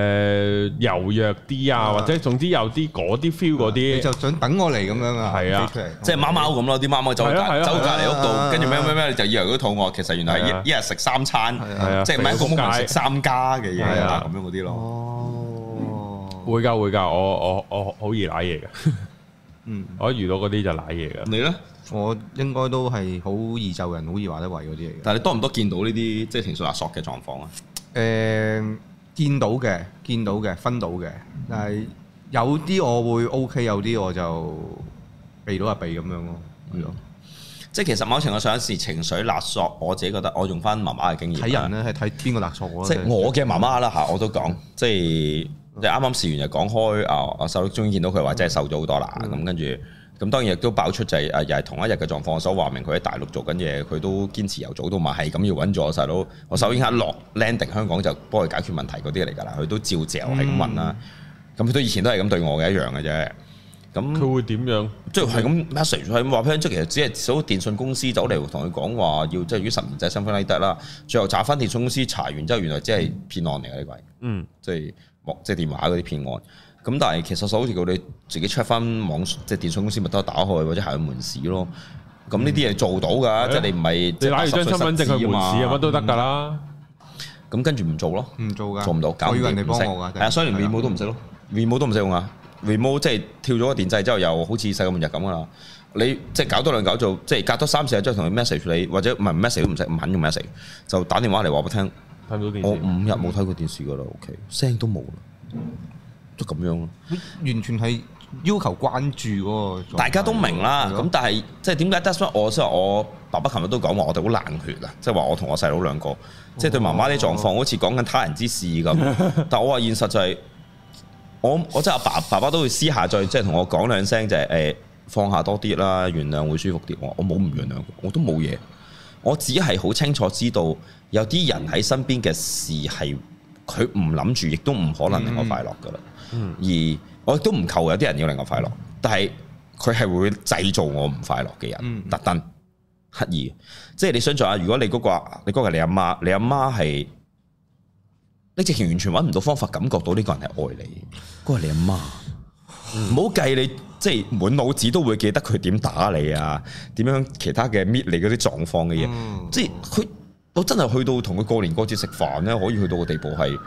Speaker 1: 柔弱啲啊，或者總之有啲嗰啲 feel 嗰啲，你就想等我嚟咁樣啊，係啊，
Speaker 2: 即係貓貓咁咯，啲貓貓走走隔籬屋度，跟住咩咩咩你就以為佢肚餓，其實原來係一一日食三餐，即係唔係一個屋企食三家嘅嘢啊，咁樣嗰啲咯。
Speaker 1: 哦，會噶會噶，我我我好易瀨嘢嘅，嗯，我遇到嗰啲就瀨嘢嘅。你咧，
Speaker 3: 我應該都係好易就人，好易話得胃嗰啲嘢。但係多唔多見
Speaker 1: 到
Speaker 2: 呢啲即係情緒勒索嘅狀況啊？
Speaker 3: 誒。見到嘅，見到嘅，分
Speaker 2: 到嘅，但係有啲我會 OK，有啲我就避到就避咁樣咯。嗯，即係其實某程度上係情緒勒索，我自己覺得我用翻媽媽嘅經驗。睇人咧係睇邊個勒索，啊。即係我嘅媽媽啦嚇， 我都講即係 即啱啱試完就講開啊！阿秀玉終於見到佢話真係瘦咗好多啦咁，跟住，嗯。咁當然亦都爆出就係，誒又係同一日嘅狀況，所以話明佢喺大陸做緊嘢，佢都堅持由早到晚係咁要揾咗我細佬。我首先一落 landing 香港就幫佢解決問題嗰啲嚟㗎啦，佢都照嚼係咁問啦。咁佢都以前都係咁對我嘅一樣嘅啫。咁佢會點樣？即係係咁 message，係咁話翻出其實只係所電信公司走嚟同佢講話，要即係如果十年仔身份匿得啦。最後查翻電信公司查完之後，原來即係騙案嚟嘅呢個。嗯，即係即係電話嗰啲騙案。嗯咁但係其實就好似我哋自己 check 翻網即係電信公司，咪得打開或者行去門市咯。咁呢啲嘢做到噶，即係你唔係。你攞住張身份證去門市啊，乜
Speaker 1: 都得噶啦。咁跟住唔做咯，唔做噶，做唔到。搞以人哋幫係啊，
Speaker 2: 所以連 remote 都唔識咯 remote 都唔識用啊 remote 即係跳咗個電掣之後，又好似細個門日咁噶啦。你即係搞多兩搞做，即係隔多三四日之後同佢 message 你，或者唔係 message 都唔識，唔肯用 message，就打電話嚟話俾我聽。睇唔到電視，我五日冇睇過電視噶啦，OK，聲都冇啦。都咁樣，
Speaker 3: 完全係要求關注，大家都明啦，咁的
Speaker 2: 但係即係點解所以我先話我爸爸琴日都講話我哋好冷血啊，即係話我同我細佬兩個，即係、哦、對媽媽啲狀況好似講緊他人之事咁。哦、 但係我話現實就係、是，我我真係阿爸爸,爸爸都會私下再即係同我講兩聲，就係、是、誒、就是欸、放下多啲啦，原諒會舒服啲。我我冇唔原諒，我都冇嘢，我只係好清楚知道有啲人喺身邊嘅事係佢唔諗住，亦都唔可能令我快樂噶啦。嗯而我亦都唔求有啲人要令我快樂，但係佢係會製造我唔快樂嘅人，特登 刻意。即係你想像下。如果你嗰、嗰個，你嗰個你阿媽，你阿媽係，你直情完全揾唔到方法感覺到呢個人係愛你。嗰個你阿媽，唔好計你，即係滿腦子都會記得佢點打你啊，點樣其他嘅搣你嗰啲狀況嘅嘢。 即係佢，我真係去到同佢過年過節食飯咧，可以去到個地步係，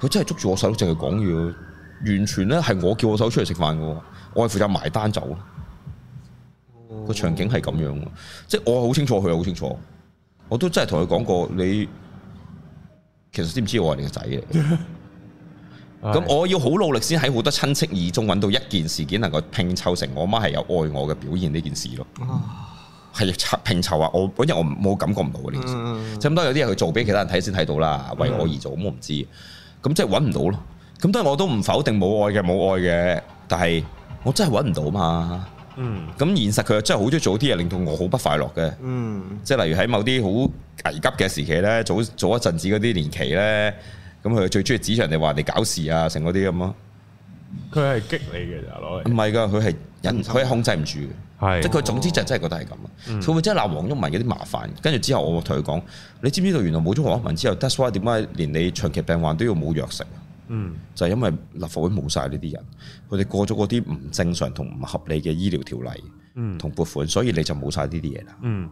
Speaker 2: 佢真係捉住我手就嚟講要。完全咧係我叫我手出嚟食飯嘅，我係負責埋單走咯。個、oh. 場景係咁樣，即、就、係、是、我好清楚，佢好清楚。我都真係同佢講過，你其實知唔知我係你個仔嚟？咁 我要好努力先喺好多親戚耳中揾到一件事件能夠拼湊成我媽係有愛我嘅表現呢件事咯。係、oh. 拼湊啊！我本來我冇感覺唔到嘅呢件事，咁、oh. 多有啲嘢佢做俾其他人睇先睇到啦，為我而做，咁、oh. 我唔知，咁即係揾唔到咯。咁都係，我都唔否定冇愛嘅，冇愛嘅。但係我真係搵唔到嘛。嗯。咁現實佢真係好中意做啲嘢，令到我好不快樂嘅。嗯。即係例如喺某啲好危急嘅時期咧，早早一陣子嗰啲年期咧，咁佢最中意指住人哋話你搞事啊，成嗰啲咁咯。
Speaker 1: 佢係激你嘅咋，攞嚟，唔係
Speaker 2: 噶，佢係忍，佢係、嗯、控制唔住嘅。嗯、即係佢總之就真係覺得係咁啊。佢、嗯、會真係鬧黃毓民嗰啲麻煩，跟住之後我同佢講：你知唔知道？原來冇咗黃毓民之後 that's why 點解連你長期病患都要冇藥食？嗯，就係因為立法會冇晒呢啲人，佢哋過咗嗰啲唔正常同唔合理嘅醫療條例，嗯，同撥款，所以你就冇晒呢啲嘢啦。嗯，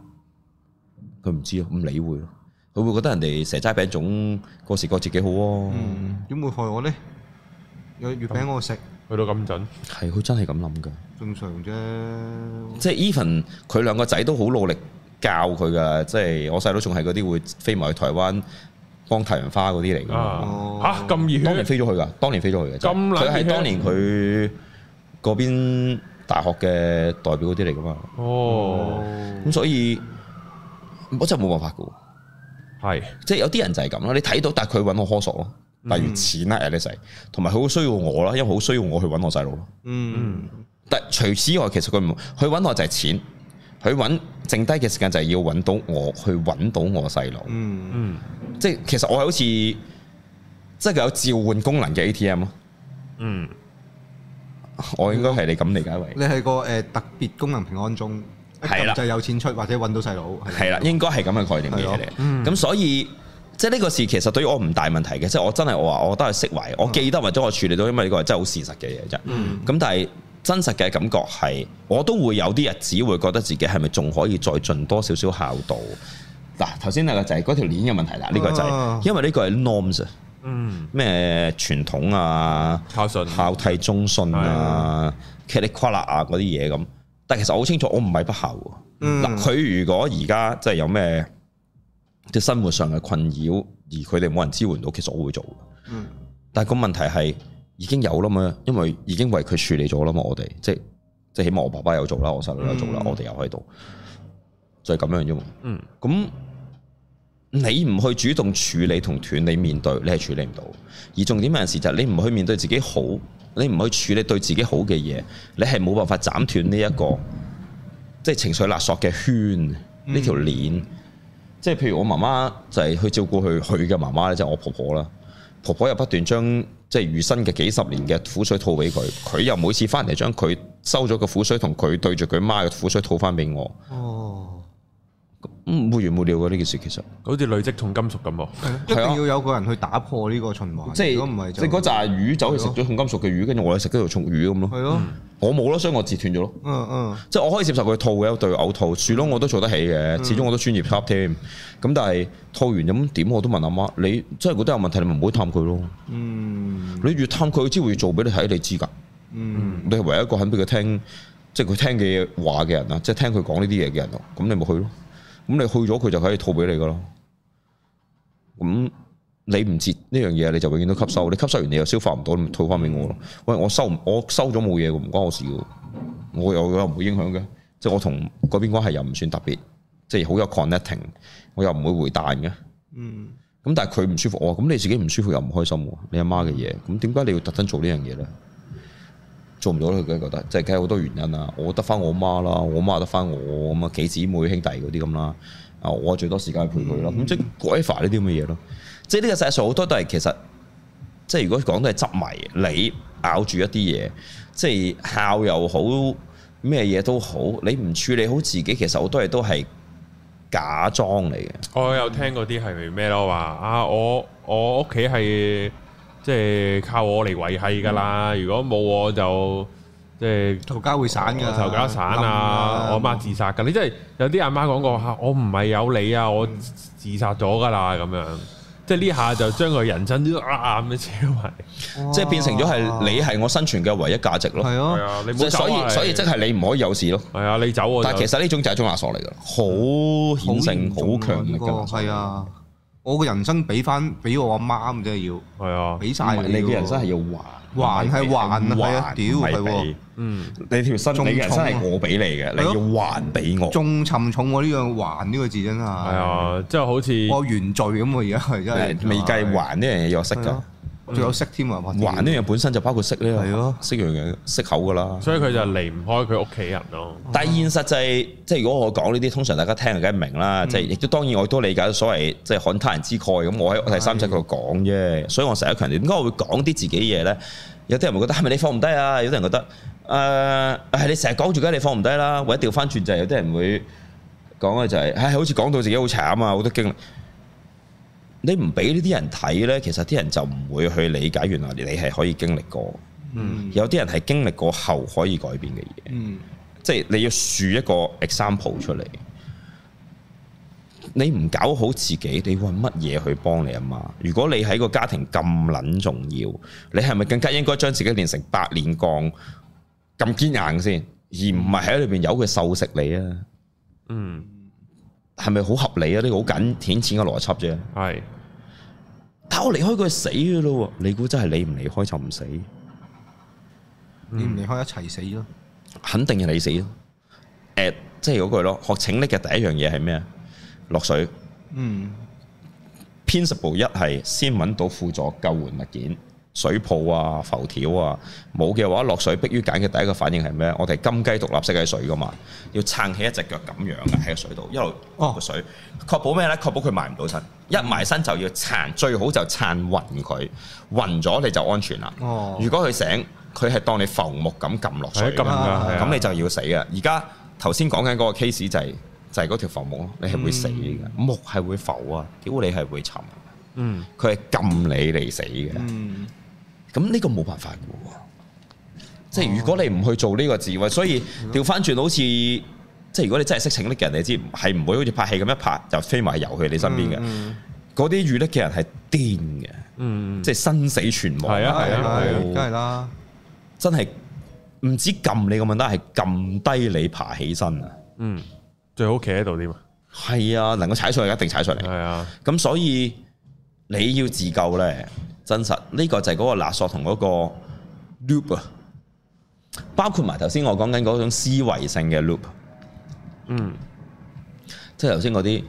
Speaker 2: 佢唔知咯，唔理會咯，佢會覺得人哋蛇齋餅粽過時過節幾好哦，
Speaker 3: 點、嗯、會害我呢？有月餅我食，樣去到咁準，
Speaker 2: 係佢真係咁諗噶，
Speaker 3: 正常啫。
Speaker 2: 即係 Even 佢兩個仔都好努力教佢噶，即係我細佬仲係嗰啲會飛埋去台灣。幫太陽花嗰啲嚟噶。吓咁熱血當飛，當年飛咗去噶，當年飛咗去嘅，佢係當年佢嗰邊大學嘅代表嗰啲嚟噶嘛，哦，咁、嗯、所以我真係冇辦法噶，係是，即係有啲人就係咁啦，你睇到，但係佢揾我柯索咯，例如錢啊，阿 E 同埋佢好需要我啦，因為好需要我去揾我細佬咯，嗯，嗯，嗯。但係除此之外，其實佢唔，佢揾我就係錢。佢揾剩低嘅時間就係要揾到我，去揾到我細佬。嗯嗯，即係其實我係好似即係佢有召喚功能嘅 ATM 咯。嗯，我應該係你咁理解為？
Speaker 3: 嗯、你係個誒、呃、特別功能平安鐘，了一撳就有錢出，或者揾到細佬。係
Speaker 2: 啦，應該係咁嘅概念嚟嘅。了嗯，咁所以即係呢個事其實對於我唔大問題嘅，即係我真係我話我都係釋懷，我記得或者我處理到，因為呢個係真係好事實嘅嘢啫。咁、嗯、但係。真實嘅感覺係，我都會有啲日子會覺得自己係咪仲可以再盡多少少孝道？嗱、啊，頭、啊、先那個就係嗰條鏈嘅問題啦。呢、呢個就係因為呢個係 norms，嗯，咩傳統啊、孝順、嗯、孝悌忠信啊、噼里啪啦啊嗰啲嘢咁。但係其實我好清楚，我唔係不孝。嗱、嗯，佢如果而家即係有咩即生活上嘅困擾，而佢哋冇人支援到，其實我會做嗯。嗯，但係個問題係。已經有啦嘛，因為已經為佢處理咗啦嘛，我哋即係即係起碼我爸爸有做啦，我細佬有做啦，嗯、我哋又喺度，就係、是、咁樣啫嘛。嗯，咁你唔去主動處理同斷，你面對你係處理唔到。而重點嘅陣時就係你唔去面對自己好，你唔去處理對自己好嘅嘢，你係冇辦法斬斷呢一個即係、就是、情緒勒索嘅圈呢條鏈。即係譬如我媽媽就係去照顧佢佢嘅媽媽咧，就是、我婆婆啦，婆婆又不斷將。即係餘生嘅幾十年嘅苦水吐畀佢，佢又每次返嚟將佢收咗嘅苦水同佢對住佢媽嘅苦水吐返畀我。哦唔，沒完冇了嘅呢件事，其實
Speaker 1: 好似累積重
Speaker 3: 金屬咁，一定要有個人去打破呢個循環。即係即係嗰紮
Speaker 2: 魚走去食咗重金屬嘅魚，跟住我哋食咗條重魚咁咯。係咯的，嗯、我冇咯，所以我截斷咗咯。嗯嗯，即係我可以接受佢吐嘅，有對嘔吐，樹窿我都做得起嘅，嗯、始終我都專業插添。咁但係吐完咁點？我都問阿媽，你真係覺得有問題，你咪唔好探佢咯。嗯，你越探佢，佢先會做俾你睇，你知噶。嗯，
Speaker 3: 嗯
Speaker 2: 你係唯一一個肯俾佢聽，即係佢聽嘅話嘅人啊，即係聽佢講呢啲嘢嘅人咯。咁你咪去咯。咁你去咗佢就可以套俾你噶咯。咁你唔接呢樣嘢，你就永遠都吸收。你吸收完你又消化唔到，你咪退翻俾我咯。喂，我收我收咗冇嘢嘅，唔關我事嘅。我又又唔會影響嘅，即係我同嗰邊關係又唔算特別，即係好有 connecting，我又唔會回彈嘅。嗯。咁但係佢唔舒服我，我咁你自己唔舒服又唔開心喎。你阿媽嘅嘢，咁點解你要特登做呢樣嘢咧？做唔到咯，佢覺得即係，梗係好多原因啦。我得翻我媽啦，我媽得翻我咁啊，幾姊妹兄弟嗰啲咁啦。啊，我最多時間陪佢咯。咁、嗯、即係改化呢啲咁嘅嘢咯。即係呢個事實，好多都係其實，即係如果講都係執迷，你咬住一啲嘢，即係孝又好，咩嘢都好，你唔處理好自己，其實好多嘢都係假裝嚟
Speaker 1: 嘅。我有聽嗰啲係咩咯？話啊，我我屋企係。即係靠我嚟維繫噶啦，如果冇我就即係頭家會散嘅，頭家散啊，我阿媽，媽自殺嘅。嗯、你真係有啲阿媽講過吓，我唔係有你啊，我自殺咗噶啦咁樣，即係呢下就將個人生唉啊咁樣扯埋， 即係變成咗係你係我生存嘅唯一價值咯。係哇啊，你冇。所以所以即係你
Speaker 2: 唔可以有事咯。係啊，你走，我走。走但其實呢種就係一種勒索嚟㗎，好顯性、好強力嘅。係啊。
Speaker 3: 我嘅人生俾翻俾我阿媽咁啫，要係啊，俾晒你。你人生係要還，還係還啊，屌係喎。
Speaker 1: 你條身你人生係我俾你嘅，你要
Speaker 3: 還俾我。仲沉重，我呢樣還，呢個字真係。係啊，
Speaker 1: 即係好似我原罪
Speaker 3: 咁啊！而家係真係未計還呢樣嘢，我識㗎。仲有識添啊！玩呢、
Speaker 2: 嗯、樣本身就包括識呢樣咯，識樣嘢識口噶啦。所以
Speaker 1: 佢就離唔開佢屋企人咯。嗯、
Speaker 2: 但係現實就係、是，即係如果我講呢啲，通常大家聽係梗唔明啦。即係亦都當然我都理解所謂即係看他人之概。咁我喺第三者度講啫，所以我成日都強調點解我會講啲自己嘢咧。有啲人會覺得係咪你放唔低啊？有啲人覺得誒、呃、你成日講住，梗你放唔低啦。或者掉翻轉就係有啲人會講嘅就係、是，係、哎、好似講到自己好慘啊，好多經歷。你唔俾呢啲人睇呢，其實啲人就唔會去理解原來你係可以經歷過，嗯、有啲人係經歷過後可以改變嘅嘢，嗯、即係你要樹一個 example 出嚟。你唔搞好自己，你為乜嘢去幫你阿媽？如果你喺個家庭咁撚重要，你係咪更加應該將自己練成百煉鋼咁堅硬先，而唔係喺裏邊由佢受食你啊？嗯。係咪好合理啊？呢個好緊舔錢嘅邏輯啫。係是，但我離開佢死噶咯。你估真係你唔離開就唔死？
Speaker 3: 你唔離開一齊死咯。嗯、
Speaker 2: 肯定係你死咯。誒，即係嗰句咯。學拯溺嘅第一樣嘢係咩啊？落水。嗯。Principle 一係先揾到輔助救援物件。水泡啊、浮條啊，冇嘅話落水迫於揀嘅第一個反應係咩？我哋金雞獨立式喺水㗎嘛，要撐起一隻腳咁樣喺個水度，一路個水、哦、確保咩咧？確保佢埋唔到身，一埋身就要撐，最好就撐暈佢，暈咗你就安全啦。哦，如果佢醒，佢係當你浮木咁撳落水，係咁、啊啊、咁你就要死㗎。而家頭先講緊嗰個 case 就係、是、就係、是、嗰條浮木你係會死嘅，嗯、木係會浮啊，屌你係會沉，嗯，佢係撳你嚟死嘅。咁呢個冇辦法嘅，即係如果你唔去做呢個自衛，所以調返轉好似，即係如果你真係識請嘅人，你知係唔會好似拍戲咁一,一拍就飛埋游去你身邊嘅。嗰啲遇叻嘅人係癲嘅，嗯、即係生死全亡，係啊係啊，梗係啦，啊啊啊啊啊、真係唔止撳你個問題，係撳低你爬起身啊！嗯，最好企喺度啲啊，係啊，能夠踩上嚟一定踩上嚟，係啊。咁、嗯、所以你要自救咧。真實呢個就係嗰個勒索同嗰個 loop 啊，包括埋頭先我講緊嗰種思維性嘅 loop，嗯，即係頭先嗰啲，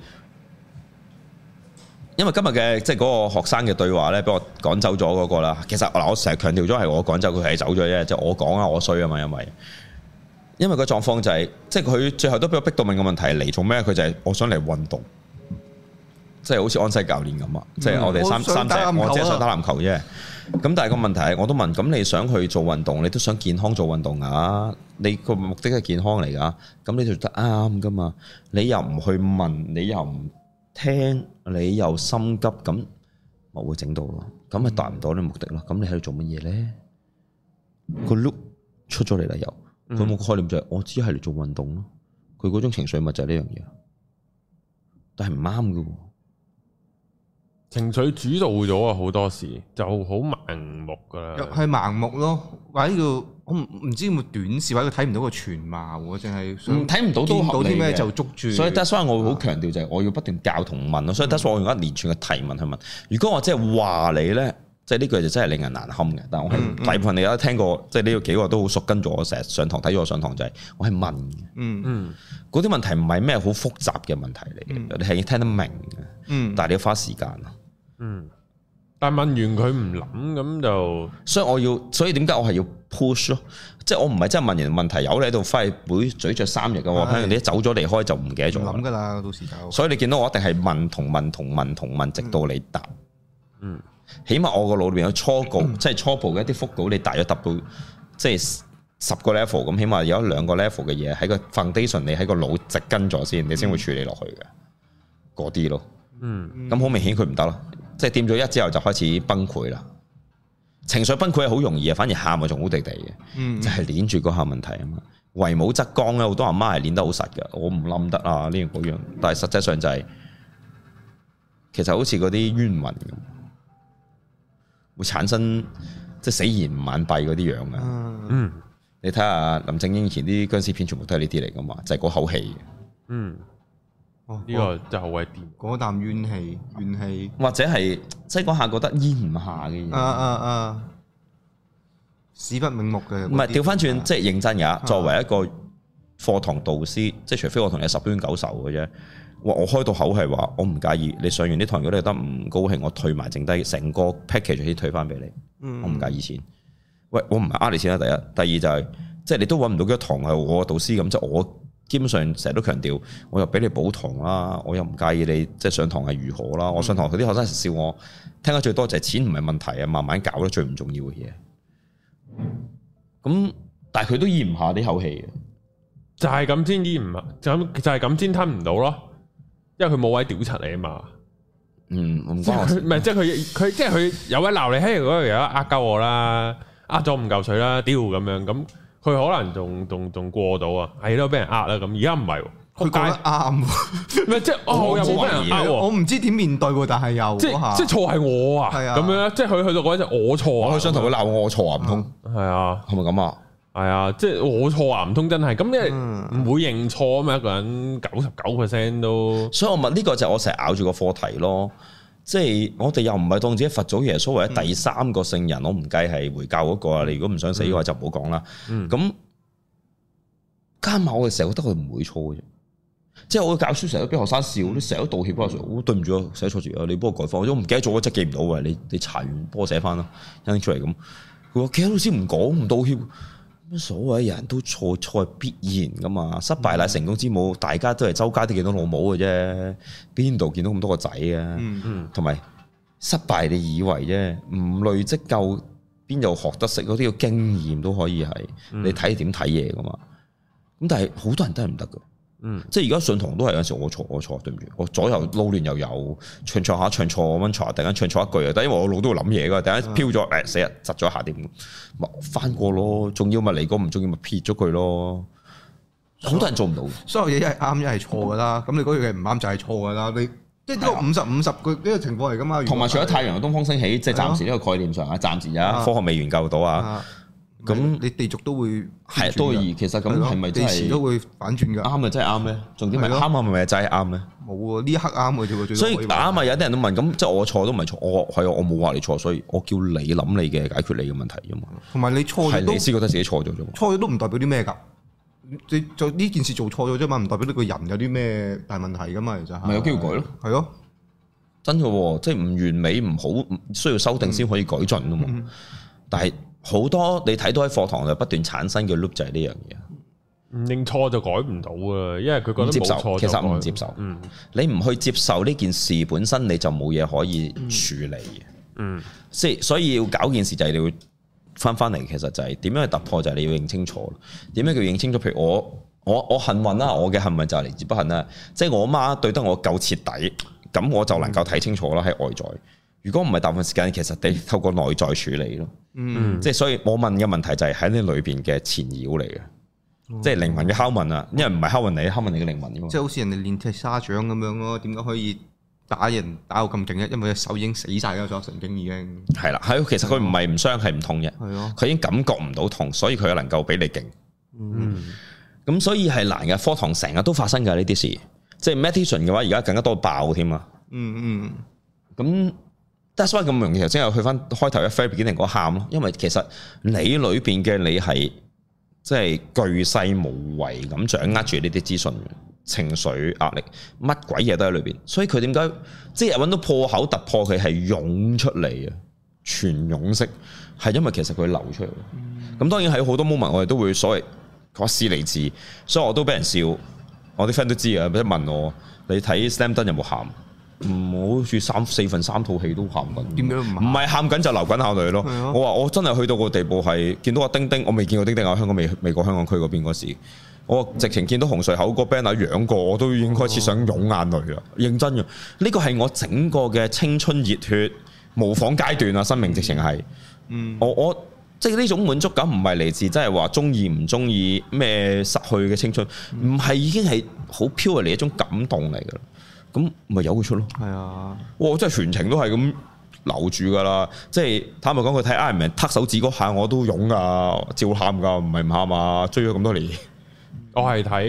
Speaker 2: 因為今日嘅即係嗰個學生嘅對話咧，俾我趕走咗嗰個啦。其實嗱，我成日強調咗係我趕走佢係走咗啫，就我講啊，我衰啊嘛，因為因為個狀況就係即係佢最後都俾我逼到問個問題嚟做咩？佢就係我想嚟運動。即係好似安西教練咁啊！嗯、即係我哋三我三隻隻，我只係想打籃球啫。咁、嗯、但係個問題我都問，咁你想去做運動，你都想健康做運動啊？你個目的係健康嚟噶、啊，咁你就做得啱噶嘛？你又唔去問，你又唔聽，你又心急，咁咪會整到咯？咁咪達唔到你目的咯？咁、嗯、你喺度做乜嘢咧？個 look 出咗嚟啦，又佢冇概念就係、是、我只係嚟做運動咯。佢嗰種情緒物就係呢樣嘢，但係唔啱噶。
Speaker 1: 情緒主導咗啊，好多事就好盲目㗎，係盲目咯。或者要唔唔知有冇短視，或者睇唔到個全貌，淨係睇唔到
Speaker 2: 都到啲咩就捉住。所以得，所以我會好強調就係我要不斷教同問咯。所以得，所以我用一連串嘅提問去問。如果我真係話你咧，即係呢句就真係令人難堪嘅。但係我係大部分你而家聽過，即係呢個幾個都好熟，跟住我成日上堂睇住我上堂就係我係問嘅。嗯嗯，嗰啲問題唔係咩好複雜嘅問題嚟嘅，你係要聽得明嘅。嗯，但係你要花時間咯。嗯，但問完佢唔諗咁就，所以我要，所以點解我係要 push 咯？即係我唔係真係問完問題，有你喺度揮會咀嚼三日噶的可能你一走咗離開就唔記得咗諗噶啦，到時就。所以你見到我一定係問同問同問同問，問，嗯、直到你答。嗯，起碼我個腦裏邊有初步，嗯、即係初步嘅一啲複稿，你大約答到即係、就是、十個 level 咁，起碼有一兩個 level 嘅嘢喺個 foundation，你喺個腦植根咗先，嗯、你先會處理落去嘅嗰啲咯。嗯，咁好明顯佢唔得咯。即係掂咗一之後就開始崩潰啦，情緒崩潰係好容易啊，反而喊啊仲好地地嘅，嗯、就係黏住嗰下問題啊嘛。為母則剛咧，好多阿媽係黏得好實噶，我唔冧得啊呢樣嗰樣，但係實際上就係、是，其實好似嗰啲冤魂咁，會產生即係、就是、死而唔晚閉嗰啲樣嘅。嗯，你睇下林正英以前啲僵屍片全部都係呢啲嚟噶嘛，就係、是、嗰口氣。嗯。哦，呢個就係好鬼掂。嗰啖怨氣，怨氣，或者係即係講下覺得咽唔下嘅嘢啊。啊啊
Speaker 3: 啊！死不瞑目嘅。唔係調翻轉，
Speaker 2: 即係、就是、認真也。作為一個課堂導師，啊、即係除非我同你十冤九仇嘅啫。我我開到口係話，我唔介意你上完呢堂，如果你覺得唔高興，我退埋剩低成個 package 先退翻俾你。嗯、我唔介意錢。喂，我唔係呃你錢啦。第一，第二就係、是、即係你都搵唔到一堂係我導師咁，即係我。基本上成日都強調，我又俾你補堂啦，我又唔介意你即係上堂係如何啦。我上堂佢啲學生笑我，聽得最多就係錢唔係問題啊，慢慢搞得最唔重要嘅嘢。
Speaker 1: 咁但係佢都嚥唔下呢口氣嘅，就係咁先嚥唔就咁就係咁先吞唔到咯，因為，佢冇位屌柒你啊嘛。嗯，唔係即係佢佢即係佢有位鬧你嘿，度有而呃鳩我啦，呃咗唔夠水啦，屌咁樣咁。佢可能仲仲仲過到啊，係咯，俾人呃啦咁。而家唔係，佢覺得啱，咩即係我有冇俾人呃？我唔知點面對喎，但係又即係即係錯係我啊，咁樣即係佢去到嗰陣就我錯啊，佢想同佢鬧我錯啊，唔通？係啊，係咪咁啊？係啊，即係我錯啊，唔通真係咁？你唔會認錯啊？嘛，一個人九十九 percent 都，所以我問呢個就我成日咬住個課題咯。
Speaker 2: 即係我哋又唔係當自己佛祖耶穌或者第三個聖人，我唔計係回教嗰、那個啊！嗯、你如果唔想死嘅話就唔好講啦。咁、嗯、加埋我哋成日覺得佢唔會錯嘅啫，即係我嘅教書成日都俾學生笑，你成日都道歉嗰陣，我對唔住啊，寫錯字啊，你幫我改翻，我都唔記得咗，我真係記唔到啊，你你查完幫我寫翻咯，拎出嚟咁。佢話其他記老師唔講唔道歉。乜所謂人都錯，錯必然噶嘛？失敗乃成功之母，大家都係周街都見到老母嘅啫，邊度見到咁多個仔嘅，啊，嗯？嗯嗯，同埋失敗你以為啫？唔，累積夠，邊有學得識嗰啲經驗都可以係？你睇點睇嘢噶嘛？咁但係好多人都係唔得嘅。嗯，即係而家信同都係有陣時我錯我錯對唔住，我左右撈亂又有唱唱下唱錯，咁樣唱下突然間唱錯一句啊！但係因為我腦都會諗嘢噶，突然間飄咗誒死人窒咗下點？翻過咯，重要咪嚟講唔重要咪撇咗佢咯。好多人做唔到，所有
Speaker 3: 嘢一係啱一係錯噶啦。咁你嗰樣嘢唔啱就係錯噶啦。你即係呢個五十五十句呢個情況嚟噶嘛？同埋的除咗太
Speaker 2: 陽東方升起，即係暫時呢個概念上啊，暫的時啊，科學未研究到啊。的咁你地續都會係多疑，其實咁係咪即係地都會
Speaker 3: 反轉嘅？啱咪真係啱咧？
Speaker 2: 重點咪啱下咪咪真係啱咧？
Speaker 3: 冇啊！呢一刻啱嘅啫喎，所以
Speaker 2: 啱咪有啲人都問咁，即係我錯都唔係錯，我係我冇話你錯，所以我叫你諗你嘅解決你嘅問題啫嘛。
Speaker 3: 同埋你錯嘅都係你先覺
Speaker 2: 得自己錯咗，
Speaker 3: 錯咗都唔代表啲咩㗎？你做呢件事做錯咗啫嘛，唔代表你個人有啲咩大問題㗎嘛，而家係咪有機會改咯？
Speaker 2: 係咯，真嘅，即係唔完美唔好，需要修訂先可以改進㗎嘛。但係好多你睇到喺課堂就不斷產生嘅 loop 就係呢樣嘢，
Speaker 1: 唔認錯就改唔到啊，因為佢覺得接受。其實唔接受。嗯，
Speaker 2: 你唔去接受呢件事本身，你就冇嘢可以處理
Speaker 1: 嘅。嗯，
Speaker 2: 即係所，所以要搞件事就係你要翻翻嚟，其實就係點樣去突破，就係你要認清楚咯。點樣叫認清楚？譬如我我我幸運啦，我嘅幸運就係嚟自不幸啦。即係我媽對得我夠徹底，咁我就能夠睇清楚啦。喺外在，如果唔係大部分時間，其實你透過內在處理咯。嗯，即係所以我問嘅問題就係喺呢裏邊嘅纏繞嚟嘅，嗯、即係靈魂嘅拷問啊！因為唔係拷問你，拷問你嘅靈魂啊、嗯！即
Speaker 3: 係好似人哋練鐵沙掌咁樣咯，點解可以打人打到咁勁咧？因為隻手已經死晒咗，神經已經
Speaker 2: 係啦，係其實佢唔係唔傷，係唔痛嘅。係咯了，佢已經感覺唔到痛，所以佢又能夠比你勁、
Speaker 3: 嗯
Speaker 2: 嗯。嗯，咁所以係難噶，課堂成日都發生噶呢啲事。即係 meditation 嘅話，而家更加多爆添啊！嗯嗯，咁。但所以咁容易，就真係去翻開頭一飛，必定嗰喊咯。因為其實你裏邊嘅，你係即係巨細無遺咁掌握住呢啲資訊、情緒、壓力，乜鬼嘢都喺裏邊。所以佢點解即係揾到破口突破，佢係湧出嚟啊？全湧式係因為其實佢流出嚟。咁當然喺好多 moment，我哋都會所謂話是嚟自，所以我都俾人笑。我啲 friend 都知啊，一問我你睇《Slam d u n 有冇喊？唔好似三四份三套戲都喊緊，點解唔唔係喊緊就流緊下淚咯？啊、我話我真係去到個地步係見到阿丁丁，我未見過丁丁喺香港未未過香港區嗰邊嗰時，我直情見到洪水口個 band 啊養過，我都已經開始想湧眼淚啦！認真嘅呢個係我整個嘅青春熱血模仿階段啊！生命直情係，我我即係呢種滿足感唔係嚟自即係話中意唔中意咩失去嘅青春，唔係、嗯、已經係好 pure 嚟一種感動嚟噶。咁咪有佢出咯，係啊！哇，真係全程都係咁留住噶啦，即係坦白講，佢睇 Iron Man 揦手指嗰下我都勇噶，
Speaker 1: 照喊噶，唔係唔喊啊！追咗咁多年，我係睇，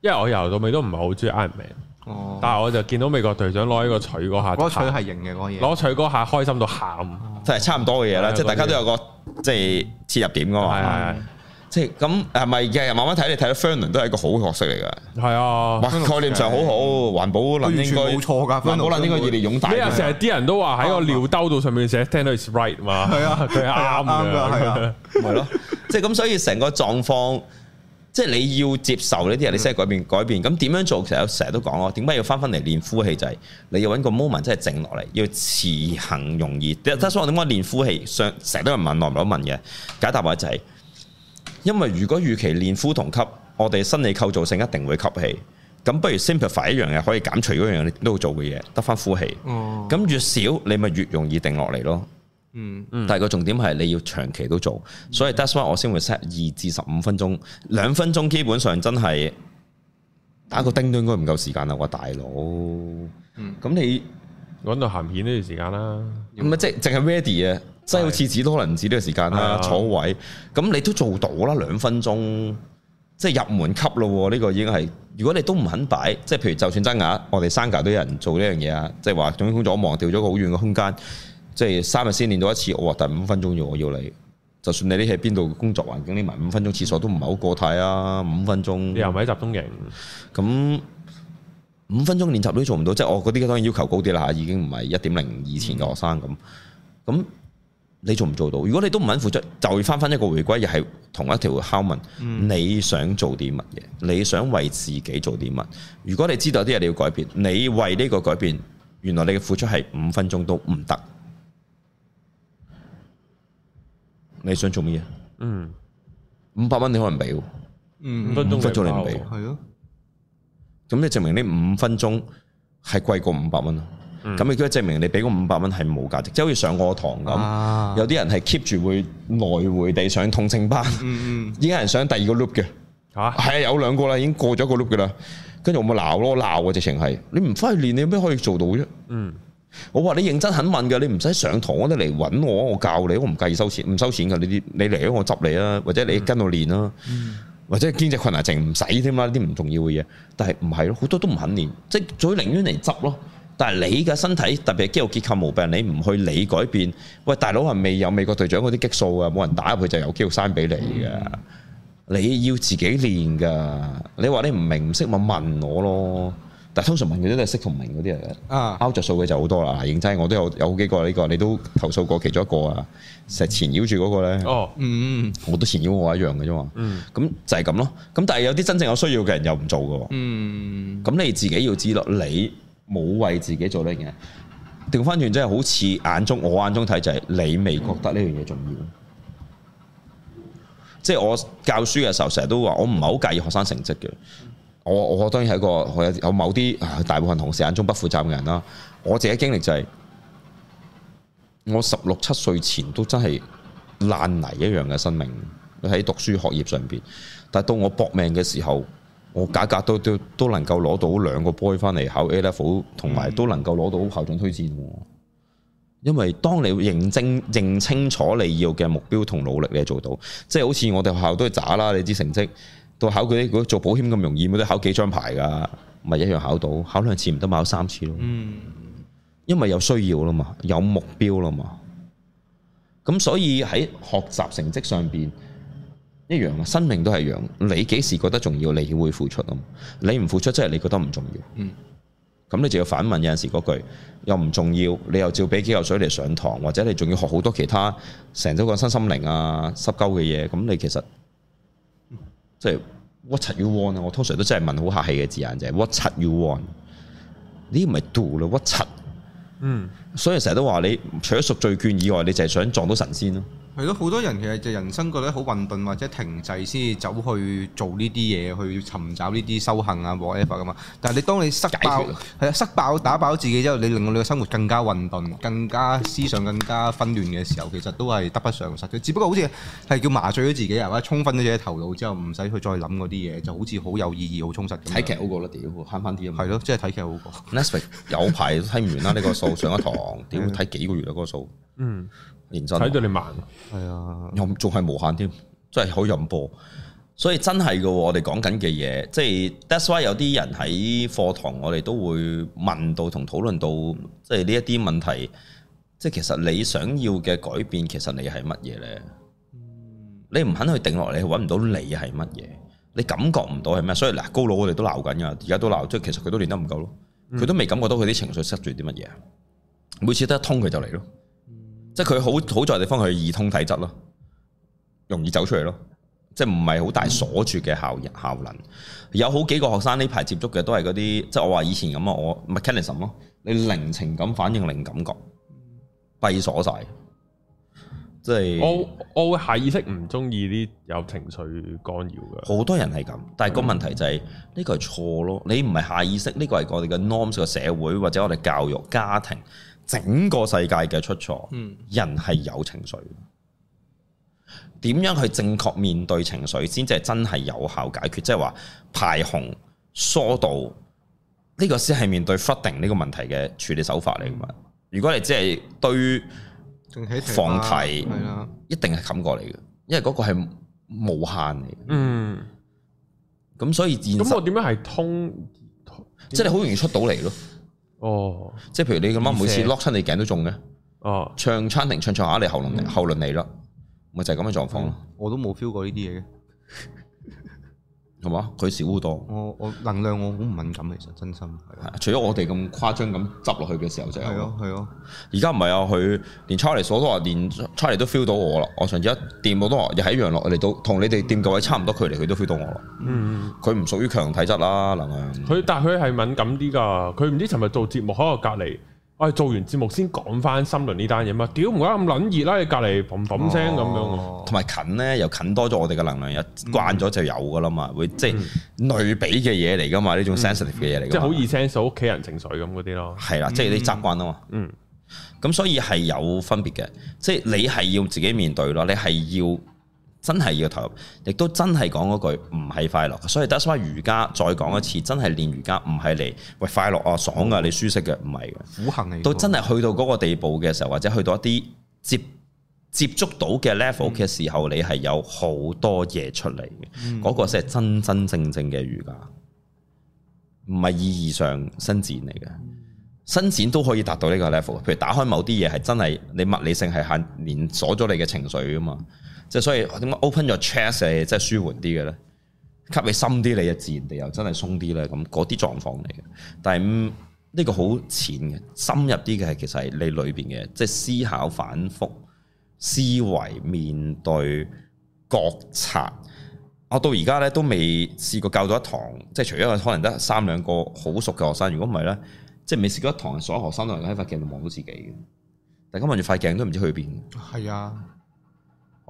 Speaker 1: 因為我由到尾都唔係好鍾意 Iron Man、哦、但係我就見到美國隊長攞呢個錘嗰下，嗰錘係型嘅，嘢、那個，攞錘嗰下開心到喊，即係、哦、差唔多嘅嘢啦，即係對大家都有個即係、就是、切
Speaker 2: 入點噶嘛。的對即係咁，係咪日日慢慢睇你睇到 f e r n o 都係一個好角色嚟噶。係
Speaker 1: 啊，概念上好好，
Speaker 2: 環保能應該環保能應該越嚟勇大啊，成日啲
Speaker 1: 人都話喺個尿兜度上面寫，聽到是 right 嘛？係啊，佢啱嘅，係啊，係
Speaker 2: 咯。即係咁，所以成個狀況，即係你要接受呢啲人，你先係改變改變。咁點樣做？成日成日都講咯，點解要翻翻嚟練呼氣？就係你要揾個 moment 真係靜落嚟，要持恆容易。得所以我點解練呼氣？上成日都人問，耐唔耐問嘅解答話就係。因為如果與其練呼同吸，我哋心理構造性一定會吸氣。咁不如 simplify 一樣嘢，可以減除嗰樣你都要做嘅嘢，得翻呼氣。咁、哦、越少你咪越容易定落嚟咯。嗯嗯。但係個重點係你要長期都做，嗯、所以 that's why 我先會 set 二至十五分鐘，兩分鐘基本上真係打個叮，叮都應該唔夠時間啦，喎大佬。嗯。咁你揾到鹹片呢段時間啦。唔係即係淨係 ready 啊。真係好似紙多倫紙呢個時間啦，嗯、坐位咁你都做到啦，兩分鐘即係入門級咯。呢、這個已經係如果你都唔肯擺，即係譬如就算真係，我哋三格都有人做呢樣嘢啊。即係話總之工作我忙掉咗個好遠嘅空間，即係三日先練到一次，我話第五分鐘要我，我要嚟。就算你啲喺邊度工作環境，匿埋五分鐘廁所都唔係好過太啊，五分鐘。又唔係喺集中營？咁五分鐘練習都做唔到，即係我嗰啲當然要求高啲啦，已經唔係一點零以前嘅學生咁。咁、嗯你做唔做到？如果你都唔肯付出，就翻翻一個回歸，又係同一條敲問。嗯、你想做啲乜嘢？你想為自己做啲乜？如果你知道啲嘢你要改變，你為呢個改變，原來你嘅付出係五分鐘都唔得。你想做乜嘢？嗯，五百蚊你可能俾，五、嗯、分鐘你唔俾，係咯。咁你係證明呢五分鐘係貴過五百蚊咯。咁亦都係證明你俾嗰五百蚊係冇價值，就好似上我課堂咁。啊、有啲人係 keep 住會來回地上痛症班，
Speaker 3: 依
Speaker 2: 家、嗯、人上第二個 loop 嘅，係啊，啊，有兩個啦，已經過咗一個 loop 嘅啦。跟住我冇鬧咯，鬧嘅直情係你唔翻去練，你有咩可以做到啫？嗯，我話你認真肯問嘅，你唔使上堂我哋嚟揾我，我教你，我唔計收錢，唔收錢嘅呢你嚟咗我執你啊，或者你跟我練啊，嗯、或者經濟困難直情唔使添啦，啲唔重要嘅嘢。但係唔係咯，好多都唔肯練，即係最寧願嚟執咯。但係你嘅身體，特別係肌肉結構毛病，你唔去理改變。喂，大佬係未有美國隊長嗰啲激素啊，冇人打入去就有肌肉生俾你嘅。嗯、你要自己練噶。你話你唔明唔識咪問我咯。但係通常問佢都係識同明嗰啲嚟嘅。啊，包著數嘅就好多啦。認真，我都有有幾個呢、呢個，你都投訴過其中一個啊。成日纏繞住嗰、嗰個咧。哦，嗯嗯，我都纏繞我一樣嘅啫嘛。嗯，咁就係咁咯。咁但係有啲真正有需要嘅人又唔做嘅。嗯、咁、嗯、你自己要知咯，你。你冇為自己做呢樣嘢，調翻轉真係好似眼中我眼中睇就係你未覺得呢樣嘢重要。即係、嗯、我教書嘅時候，成日都話我唔係好介意學生成績嘅。我我當然係一個有某啲大部分同事眼中不負責任嘅人啦。我自己經歷就係、是、我十六七歲前都真係爛泥一樣嘅生命喺讀書學業上邊，但係到我搏命嘅時候。我格格都都都能夠攞到兩個 boy 翻嚟考 A level，同埋都能夠攞到校長推薦。因為當你認真認清楚你要嘅目標同努力，你做到。即係好似我哋學校都係渣啦，你知，成績到考佢如果做保險咁容易，咪都考幾張牌㗎，咪一樣考到，考兩次唔得，考三次咯。嗯，因為有需要啦嘛，有目標啦嘛。咁所以喺學習成績上邊。一樣啊，生命都係一樣。你幾時覺得重要，你會付出咯。你唔付出，即係你覺得唔重要。嗯。咁你就要反問有，有陣時嗰句又唔重要，你又照俾幾嚿水嚟上堂，或者你仲要學好多其他成咗個身心靈啊濕鳩嘅嘢。咁你其實即係、就是、what the you want 啊。我通常都真係問好客氣嘅字眼就啫、是。What the you want？呢唔係 do What？
Speaker 3: 嗯。
Speaker 2: 所以成日都話你，除咗贖罪券以外，你就係想撞到神仙咯。
Speaker 3: 係咯，好多人其實就人生覺得好混濁或者停滯，先走去做呢啲嘢，去尋找呢啲修行啊 whatever 噶嘛。但係你當你失爆係啊，塞爆打爆自己之後，你令到你嘅生活更加混濁，更加思想更加混亂嘅時候，其實都係得不償失嘅。只不過好似係叫麻醉咗自己或者充分咗自己嘅頭腦之後，唔使去再諗嗰啲嘢，就好似好有意義、好充實。睇劇好
Speaker 2: 過啦，屌慳翻啲。係咯，即係睇劇好過。Netflix 有排都睇唔完啦，呢個數 上一堂，屌睇幾個月啊，嗰、嗰個數。 嗯。睇到你慢，係、哎、啊，又仲係無限添，天真係好任播，所以真係㗎，我哋講緊嘅嘢，即係 That's why 有啲人喺課堂，我哋都會問到同討論到，即係呢一啲問題，即、就、係、是、其實你想要嘅改變，其實你係乜嘢咧？嗯、你唔肯去定落嚟，揾唔到你係乜嘢，你感覺唔到係咩？所以嗱，高佬我哋都鬧緊噶，而家都鬧，即係其實佢都練得唔夠咯，佢、嗯、都未感覺到佢啲情緒失住啲乜嘢，每次都一通佢就嚟咯。即係佢好好在地方，佢易通體質咯，容易走出嚟咯。即係唔係好大鎖住嘅效效能。嗯、有好幾個學生呢排接觸嘅都係嗰啲，即係我話以前咁啊，我 Mechanism 咯，Mechan ism, 你零情感反應零感覺，閉鎖晒。
Speaker 1: 即係我我會下意識唔中意啲有情緒干擾嘅。好多人係咁，但係個問題就係呢個係錯
Speaker 2: 咯。你唔係下意識，呢個係我哋嘅 norms 嘅社會或者我哋教育家庭。整個世界嘅出錯，嗯、人係有情緒，點樣去正確面對情緒先至係真係有效解決？即係話排洪疏導呢個先係面對 flooding 呢個問題嘅處理手法嚟噶嘛？如果你只係對放題，一定係冚過嚟嘅，因為嗰個係無限嚟。嗯，咁所以現咁我點樣係通，即係你好容易出到嚟咯。哦，即係譬如你咁樣思每次 lock 親你頸都中嘅。哦，唱餐廳唱唱下你喉嚨喉嚨嚟咯，咪就係咁嘅狀況咯、嗯。我
Speaker 3: 都冇 feel 過呢啲嘢。嘅。
Speaker 2: 係嘛？佢少好多。
Speaker 3: 我我能量我
Speaker 2: 好唔敏感，其實真心。係啊，除咗我哋咁誇張咁執落去嘅時候就係。係咯，係咯。而家唔係啊，佢連 Charlie 所都話，連 Charlie 都 feel 到我啦。我上次一掂我都話，又喺一樣
Speaker 1: 落嚟到，同你哋掂嗰位差唔多距離，佢都 feel 到我啦。嗯嗯。佢唔屬於強體質啦，能量。佢但係佢係敏感啲㗎，佢唔知尋日做節目喺度隔離。喂，做完節目先講翻心輪呢單嘢嘛？屌唔該咁撚熱啦，你隔離砰砰聲咁樣。同埋、哦、近咧，又
Speaker 2: 近多咗我哋嘅能量，又慣咗就有噶啦嘛，會、嗯、即係類比嘅嘢嚟噶嘛，呢、嗯、種 sensitive 嘅嘢嚟。即係好易
Speaker 1: sense 到屋企人情緒咁嗰啲咯。係啦、嗯啊，即係你習慣啊嘛。嗯，
Speaker 2: 咁所以係有分別嘅，嗯、即係你係要自己面對咯，你係要。真係要投入，亦都真係講嗰句唔係快樂。所以 thus far 瑜伽再講一次，真係練瑜伽唔係嚟喂快樂啊、爽啊、你舒適嘅，唔係嘅。苦行嚟。到真係去到嗰個地步嘅時候，或者去到一啲接接觸到嘅 level 嘅時候，嗯、你係有好多嘢出嚟嘅。嗰、嗯、個先係真真正正嘅瑜伽，唔係意義上伸展嚟嘅。伸展都可以達到呢個 level，譬如打開某啲嘢，係真係你物理性係限連鎖咗你嘅情緒噶嘛。即係所以點解 open your chest 係即係舒緩啲嘅咧？吸你深啲，你就自然地又真係鬆啲咧。咁嗰啲狀況嚟嘅，但係呢個好淺嘅，深入啲嘅係其實係你裏邊嘅，即係思考、反覆、思維、面對、覺察。我到而家咧都未試過教咗一堂，即係除咗可能得三兩個好熟嘅學生，如果唔係咧，即係未試過一堂所有學生都喺塊鏡度望到自己嘅，大家望住塊鏡都唔知去邊。係啊。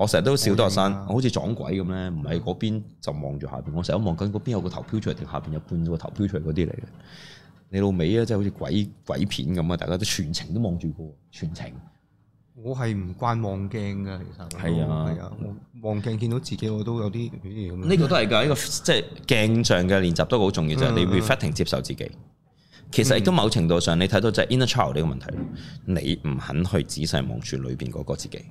Speaker 2: 我成日都笑多阿生，我好似撞鬼咁咧，唔喺嗰邊就望住下邊。我成日都望緊嗰邊有個頭飄出嚟，定下邊有半個頭飄出嚟嗰啲嚟嘅。你老尾啊，即係好似鬼鬼片咁啊！大家都全程都望住個
Speaker 3: 全程。我係唔慣望鏡噶，其實係啊係啊，望鏡見到自己我都有啲，咁。呢、啊這個、
Speaker 2: 就是、都係噶，呢個即係鏡像嘅練習都好重要。啊、就係你 reflecting、啊、接受自己，其實亦都某程度上你睇到就係 inner child 呢個問題。嗯、你唔肯去仔細望住裏邊個自己。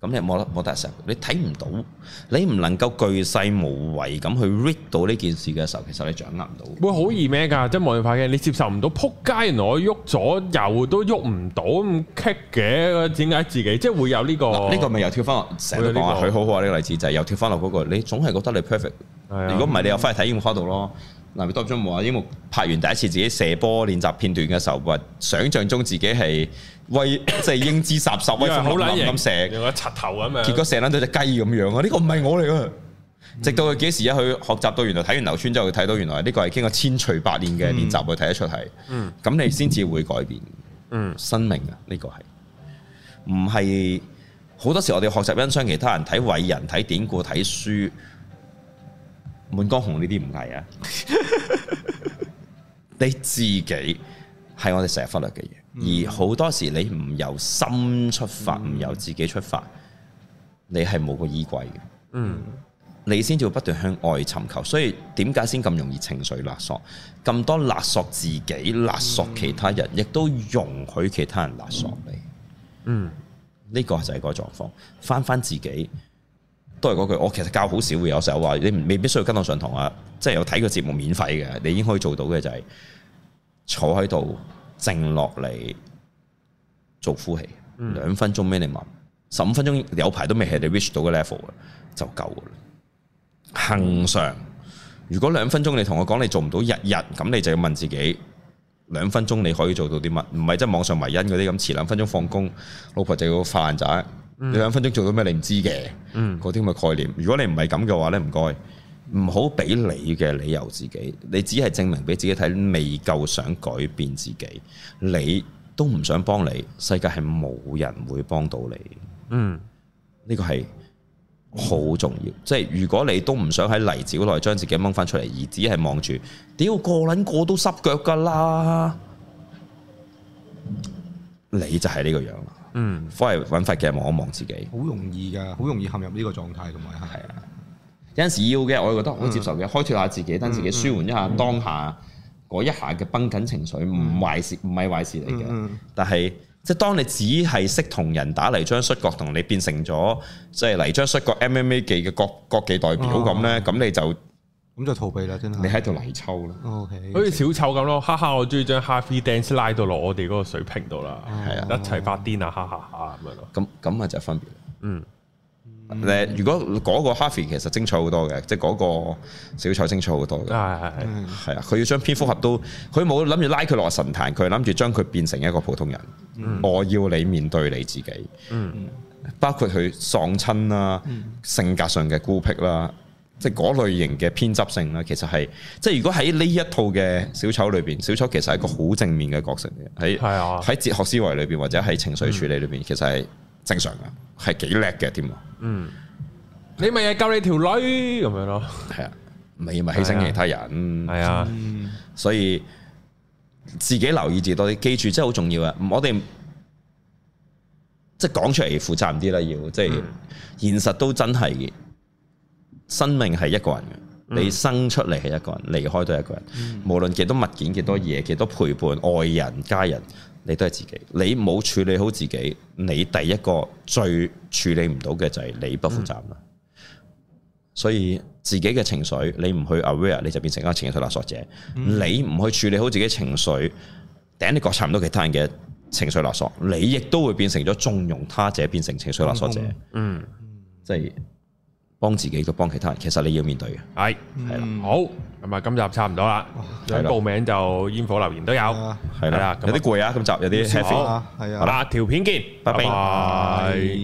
Speaker 2: 咁你冇得摸成，你睇唔到，你唔能夠巨細無遺咁去 read 到呢件事嘅時候，其實你掌握唔到。
Speaker 1: 會好易咩噶？即係冇辦法嘅，你接受唔到，仆街！原來我喐咗又都喐唔到咁棘嘅，點解自己即係會有呢個？呢個咪又跳翻落，成日都話許可可呢個
Speaker 2: 例子就係又跳翻落嗰個，你總係覺得你 perfect。如果唔係，你又翻去睇櫻木花道咯。嗱，你多謝張無話櫻木拍完第一次自己射波練習片段嘅時候，話想象中自己係。為即係、就是、英姿颯颯，威風凜凜咁射，
Speaker 1: 用個插頭咁樣，結果射
Speaker 2: 翻到隻雞咁樣啊！呢、這個唔係我嚟噶，嗯、直到佢幾時一去學習到，原來睇完流川之後，睇到原來呢個係經過千錘百煉嘅練習去睇得出係，嗯，咁你先至會改變，嗯，生命啊，呢、這個係唔係好多時我哋學習欣賞其他人睇偉人睇典故睇書，滿江紅呢啲唔係啊，嗯、 你自己係我哋成日忽略嘅嘢。而好多時你唔由心出發，唔、嗯、由自己出發，你係冇個衣櫃嘅。嗯，你先至不斷向外尋求，所以點解先咁容易情緒勒索，咁多勒索自己，勒索其他人，嗯、亦都容許其他人勒索你。嗯，呢個就係個狀況。翻翻自己都係嗰句，我其實教好少嘢，有時候話你未必需要跟我上堂啊，即係有睇個節目免費嘅，你應該可以做到嘅就係坐喺度。靜落嚟做呼氣，兩、嗯、分鐘 minimum，十五分鐘有排都未係你 reach 到個 level 就夠啦。恆常，如果兩分鐘你同我講你做唔到日日，咁你就要問自己，兩分鐘你可以做到啲乜？唔係即係網上迷因嗰啲咁，遲兩分鐘放工，老婆就要飯仔，你兩分鐘做到咩？你唔知嘅，嗰啲咁嘅概念。如果你唔係咁嘅話咧，唔該。唔好俾你嘅理由自己，你只係證明俾自己睇未夠想改變自己，你都唔想幫你，世界係冇人會幫到你。
Speaker 1: 嗯，
Speaker 2: 呢個係好重要。即係如果你都唔想喺泥沼內將自己掹翻出嚟，而只係望住屌個捻個都濕腳噶啦，你就係呢個樣啦。嗯，返嚟搵塊鏡望一望自己。好容易噶，好容易陷入呢個狀態同埋。係啊。有陣時要嘅，我又覺得好接受嘅，開拓下自己，等自己舒緩一下當下嗰一下嘅繃緊情緒，唔壞事，唔係壞事嚟嘅。但係即係當你只係識同人打嚟，將摔角同你變成咗即係嚟將摔角 MMA 技嘅國國際代表咁咧，咁你就咁
Speaker 3: 就逃避啦，真
Speaker 2: 係。你喺度泥抽啦，OK，好似
Speaker 1: 小丑咁咯，哈哈！我中意將 Happy Dance 拉到落我哋嗰個水平度啦，係啊，一齊發癲啊，哈哈哈咁樣咯。咁咁啊，就分別
Speaker 2: 嗯。嗯、如果嗰個哈菲其實精彩好多嘅，即係嗰個小丑精彩好多嘅，係係係，係啊！佢要將蝙蝠俠都，佢冇諗住拉佢落神壇，佢係諗住將佢變成一個普通人。嗯、我要你面對你自己，嗯、包括佢喪親啦，嗯、性格上嘅孤僻啦，即係嗰類型嘅偏執性啦，其實係即係如果喺呢一套嘅小丑裏邊，小丑其實係一個好正面嘅角色嘅，喺喺、嗯、哲學思維裏邊或者喺情緒處理裏邊，其實係。正常、嗯、啊，係幾叻嘅添。嗯，
Speaker 1: 你咪係教你條女咁樣咯。係啊，你咪犧牲其
Speaker 2: 他人。係啊，嗯、啊所以自己留意住多啲，記住真係好重要啊。我哋即係講出嚟，負責啲啦，要、嗯、即係現實都真係，生命係一個人嘅，你生出嚟係一個人，離開都係一個人。個人嗯、無論幾多物件，幾多嘢，幾多陪伴、伴，愛人、家人。你都係自己，你冇處理好自己，你第一個最處理唔到嘅就係你不負責啦。嗯、所以自己嘅情緒，你唔去 aware，你就變成一個情緒勒索者。嗯、你唔去處理好自己情緒，頂你覺察唔到其他人嘅情緒勒索，你亦都會變成咗縱容他者，變成情緒勒索者。嗯，即係幫自己，都幫其他人。其實你要面對
Speaker 1: 嘅，係，係啦。好。今集差唔多啦，想報名就煙火留言都有，有啲攰啊，今集有啲，好啦，條片見，拜拜。拜拜拜拜。